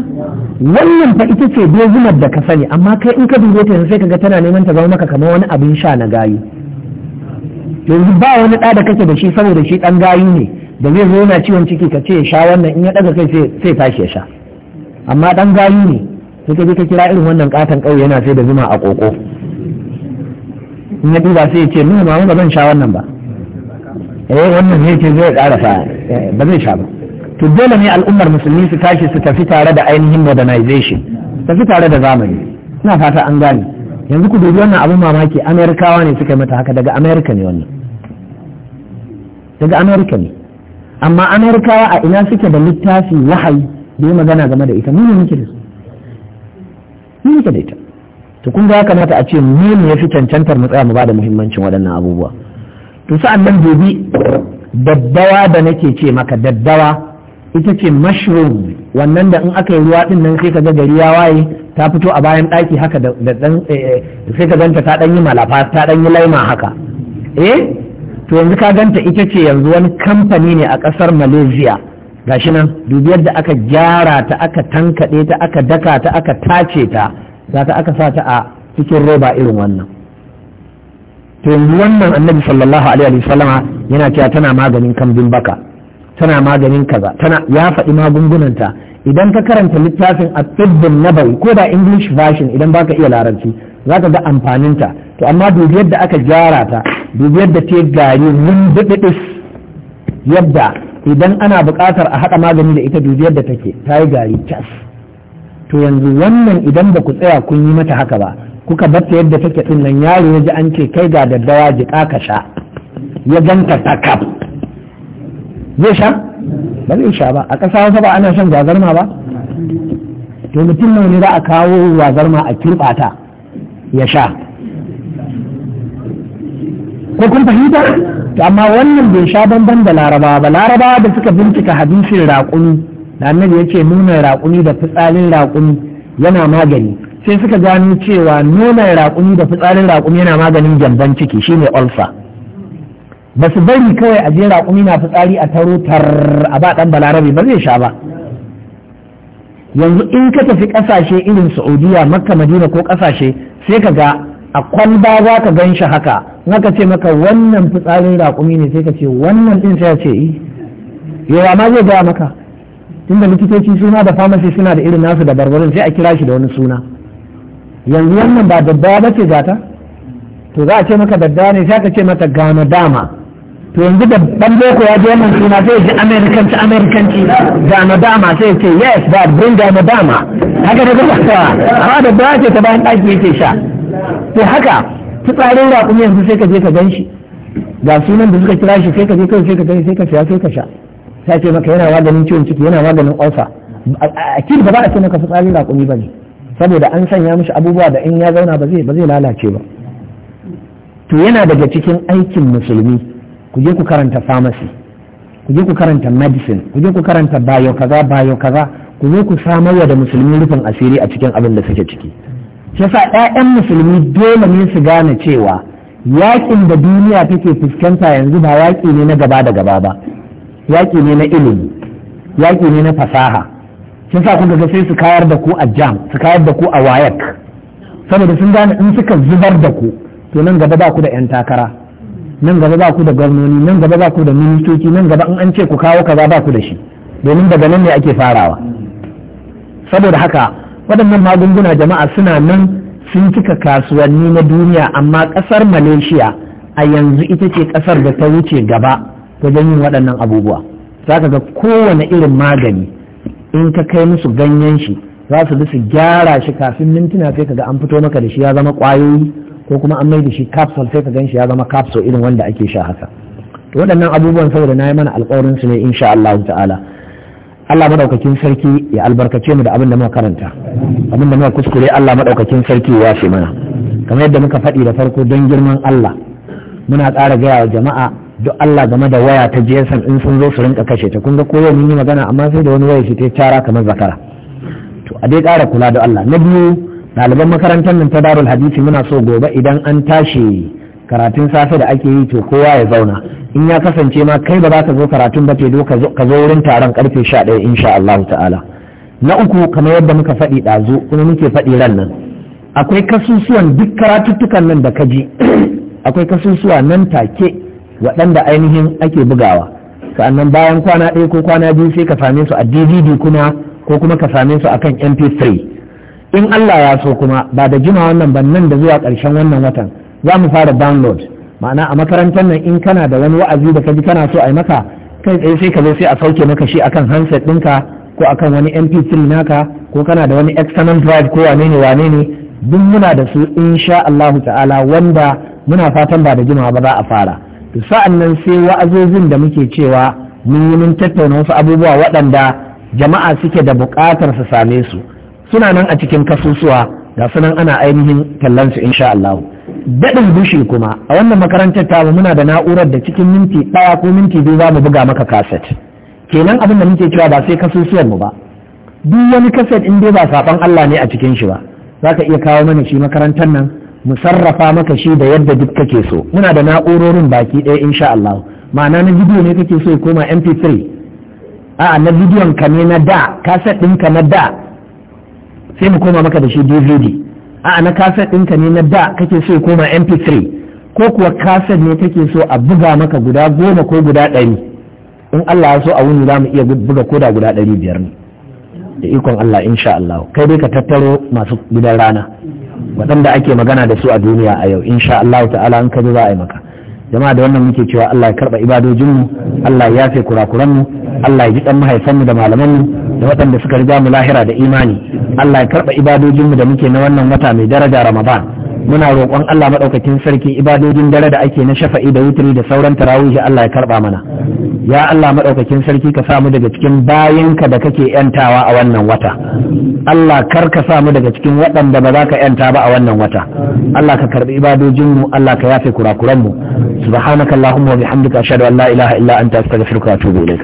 wannan fa ita ce dozumar da ka sani amma kai in ka dube ta sai kaga tana neman ta zama maka kamar wani abin sha na gayu yanzu ba wani ɗa da kake da shi saboda shi ɗan gayu ne da zai zo yana ciwon ciki ka ce sha wannan in ya ɗaga kai sai tashi ya sha amma ɗan gayu ne sai ka je ka kira irin wannan katon ƙauye yana sai da zuma a ƙoƙo in ya duba sai ya ce nuna mamu ba zan sha wannan ba eh wannan ne ce zai karasa eh, ba zai sha ba to dole ne al'ummar musulmi su tashi su tafi tare da ainihin modernization tafi tare da zamani ina fata an gane yanzu ku dubi wannan abin mamaki amerikawa ne suka mata haka daga amerika ne wannan daga amerika ne amma amerikawa a ina suke da littafi wahayi da ya magana game da ita mun ne muke da su mun yi da ita to kun ga ya kamata a ce mu ne fi cancantar mu tsaya mu bada muhimmancin waɗannan abubuwa to sa'an nan gobe daddawa da nake ce maka daddawa ita ce mushroom wannan da in aka yi ruwa din nan sai ka ga gari ya waye ta fito a bayan ɗaki haka da dan eh, eh, sai ka ganta ta dan yi malafa ta dan yi laima haka eh to yanzu ka ganta ita ce yanzu wani kamfani ne a ƙasar Malaysia gashi nan dubi yadda aka gyara ta aka tankade ta aka daka ta aka tace ta zaka aka sa ta a cikin roba irin wannan to yanzu wannan annabi sallallahu alaihi wa sallama yana cewa tana maganin kambin baka tana maganin kaza tana ya faɗi magungunanta idan ka karanta littafin at-tibbun nabawi ko da english version idan baka iya larabci zaka ga amfaninta to amma dubi yadda aka gyara ta dubi yadda ta gari mun bididis yadda idan ana buƙatar a haɗa magani da ita dubi yadda take ta yi gari cas to yanzu wannan idan ba ku tsaya kun yi mata haka ba kuka batta yadda take ɗin nan yaro ya ji an ce kai ga daddawa ji ka sha ya ganta ta kaf zai sha ba zai sha ba a ƙasa wasa ba ana shan gwazarma ba to mutum nan ne za a kawo gwazarma a kirɓata ya sha ko kun fahimta to amma wannan bai sha banban da larabawa ba larabawa da suka bincika hadisin raƙumi da annabi ya ce nunan raƙumi da fitsarin raƙumi yana magani sai suka gano cewa nunan raƙumi da fitsarin raƙumi yana maganin gyamban ciki shine olfa. ba su bari kawai a je raƙumi na fitsari a taro tar a ba ɗan balarabe ba zai sha ba yanzu in ka tafi ƙasashe irin saudiya makka madina ko ƙasashe sai ka ga a kwalba za ka gan shi haka naka ce maka wannan fitsarin raƙumi ne sai ka ce wannan ɗin sai ce yi eh, yawa ma zai gaya maka tunda likitoci suna da famasi suna da irin nasu da barbarin sai a kira shi da wani suna yanzu wannan ba dabba ba ce zata to za a ce maka dabba ne sai ka ce mata gama dama to yanzu da ban boko ya ji wannan suna sai ji americanci americanci gama dama sai ce yes but bring gama dama haka da gaba ta amma da ba ce ta bayan daki yake sha to haka fitsarin raƙumi yanzu sai ka je ka gan shi ga sunan da suka kira shi sai ka je kai sai ka gani sai ka siya sai ka sha ya ce maka yana maganin ciwon ciki yana maganin ulcer a kin ba za a ce maka fitsarin raƙumi ba ne saboda an sanya mishi abubuwa da in ya zauna ba zai lalace ba to yana daga cikin aikin musulmi ku je ku karanta pharmacy ku je ku karanta medicine ku je ku karanta bayo kaza bayo kaza ku zo ku samarwa da musulmi rufin asiri a cikin abin da suke ciki shi yasa ɗayan musulmi dole ne su gane cewa yakin da duniya take fuskanta yanzu ba yaƙi ne na gaba da gaba ba yaƙi ne na ilimi yaƙi ne na fasaha sun sa kuka ga sai su kayar da ku a jam su kayar da ku a wayak saboda sun gane in suka zubar da ku to nan gaba ba ku da 'yan takara nan gaba ba ku da gwamnoni nan gaba ba ku da ministoci nan gaba in an ce ku kawo kaza ba ku da shi domin daga nan ne ake farawa saboda haka waɗannan magunguna jama'a suna nan sun cika kasuwanni na duniya amma ƙasar malaysia a yanzu ita ce ƙasar da ta wuce gaba wajen yin waɗannan abubuwa za ka ga kowane irin magani in ka kai musu ganyen shi za su su gyara shi kafin mintuna sai ka ga an fito maka da shi ya zama ƙwayoyi ko kuma an mai da shi kapsul sai ka gan shi ya zama kapsul irin wanda ake sha haka to waɗannan abubuwan saboda na yi mana alƙawarin su ne insha Allah ta'ala Allah madaukakin sarki ya albarkace mu da abin da muka karanta abin da muka kuskure Allah madaukakin sarki ya shi mana kamar yadda muka faɗi da farko don girman Allah muna ƙara gaya wa jama'a duk Allah game da waya ta GSM in sun zo su rinka kashe ta kun ga ko yau mun yi magana amma sai da wani waya shi ta cara kamar zakara to a dai ƙara kula da Allah na biyu ɗaliban makarantar nan ta darul hadisi muna so gobe idan an tashi karatun safe da ake yi to kowa ya zauna in ya kasance ma kai ba za ka zo karatun ba do ka zo wurin taron karfe 11 insha Allah ta'ala na uku kamar yadda muka faɗi ɗazu kuma muke faɗi ran nan akwai kasusuwan duk karatuttukan nan da ka ji akwai kasusuwa nan take waɗanda ainihin ake bugawa sa'annan bayan kwana ɗaya ko kwana biyu sai ka same su a dvd kuma ko kuma ka same su akan mp3 in allah ya so kuma ba da jima wannan ban nan da zuwa ƙarshen wannan watan za mu fara download ma'ana a makarantar nan in kana da wani wa'azi da ka ji kana so a yi maka kai tsaye sai ka zo sai a sauke maka shi akan handset ɗinka ko akan wani mp3 naka ko kana da wani external drive ko wane ne wane ne duk muna da su insha allahu ta'ala wanda muna fatan ba da jimawa ba za a fara to sa'an nan sai wa'azozin da muke cewa mun yi mun tattauna wasu abubuwa waɗanda jama'a suke da buƙatar su same su suna nan a cikin kasusuwa ga sunan ana ainihin tallan su insha Allah daɗin bushe kuma a wannan makarantar tamu muna da na'urar da cikin minti ɗaya ko minti biyu za mu buga maka kaset kenan abin da muke cewa ba sai kasusuwar mu ba duk wani kaset in dai ba saɓan Allah ne a cikin shi ba za ka iya kawo mana shi makarantar nan mu sarrafa maka shi da yadda duk kake so muna da na'urorin baki ɗaya insha Allah ma'ana na bidiyo ne kake so ya koma mp3 a'a na bidiyon ka ne na da kaset ɗinka na da sai mu koma maka da shi dvd a'a na kaset ɗinka ne na da kake so ya koma mp3 ko kuwa kaset ne kake so a buga maka guda goma ko guda ɗari in Allah ya so a wuni za mu iya buga koda guda ɗari biyar ne da ikon Allah insha Allah kai dai ka tattaro masu gidan rana waɗanda ake magana da su a duniya a yau insha Allah ta'ala an kaji za a yi maka jama'a da wannan muke cewa Allah ya karba ibadojin mu Allah ya yafe kurakuran mu Allah ya ji dan mahaifan mu da malaman mu da waɗanda suka riga mu lahira da imani Allah ya karba ibadojin mu da muke na wannan wata mai daraja Ramadan muna roƙon Allah maɗaukakin sarki ibadodin dare da ake na shafa'i da witiri da sauran tarawih Allah ya karɓa mana ya Allah maɗaukakin sarki ka samu daga cikin bayinka da kake yantawa a wannan wata Allah kar ka samu daga cikin waɗanda ba za ka yanta ba a wannan wata Allah ka karɓi ibadojin mu Allah ka yafe kurakuran mu subhanakallahumma wa bihamdika ashhadu an la ilaha illa anta astaghfiruka wa atubu ilayk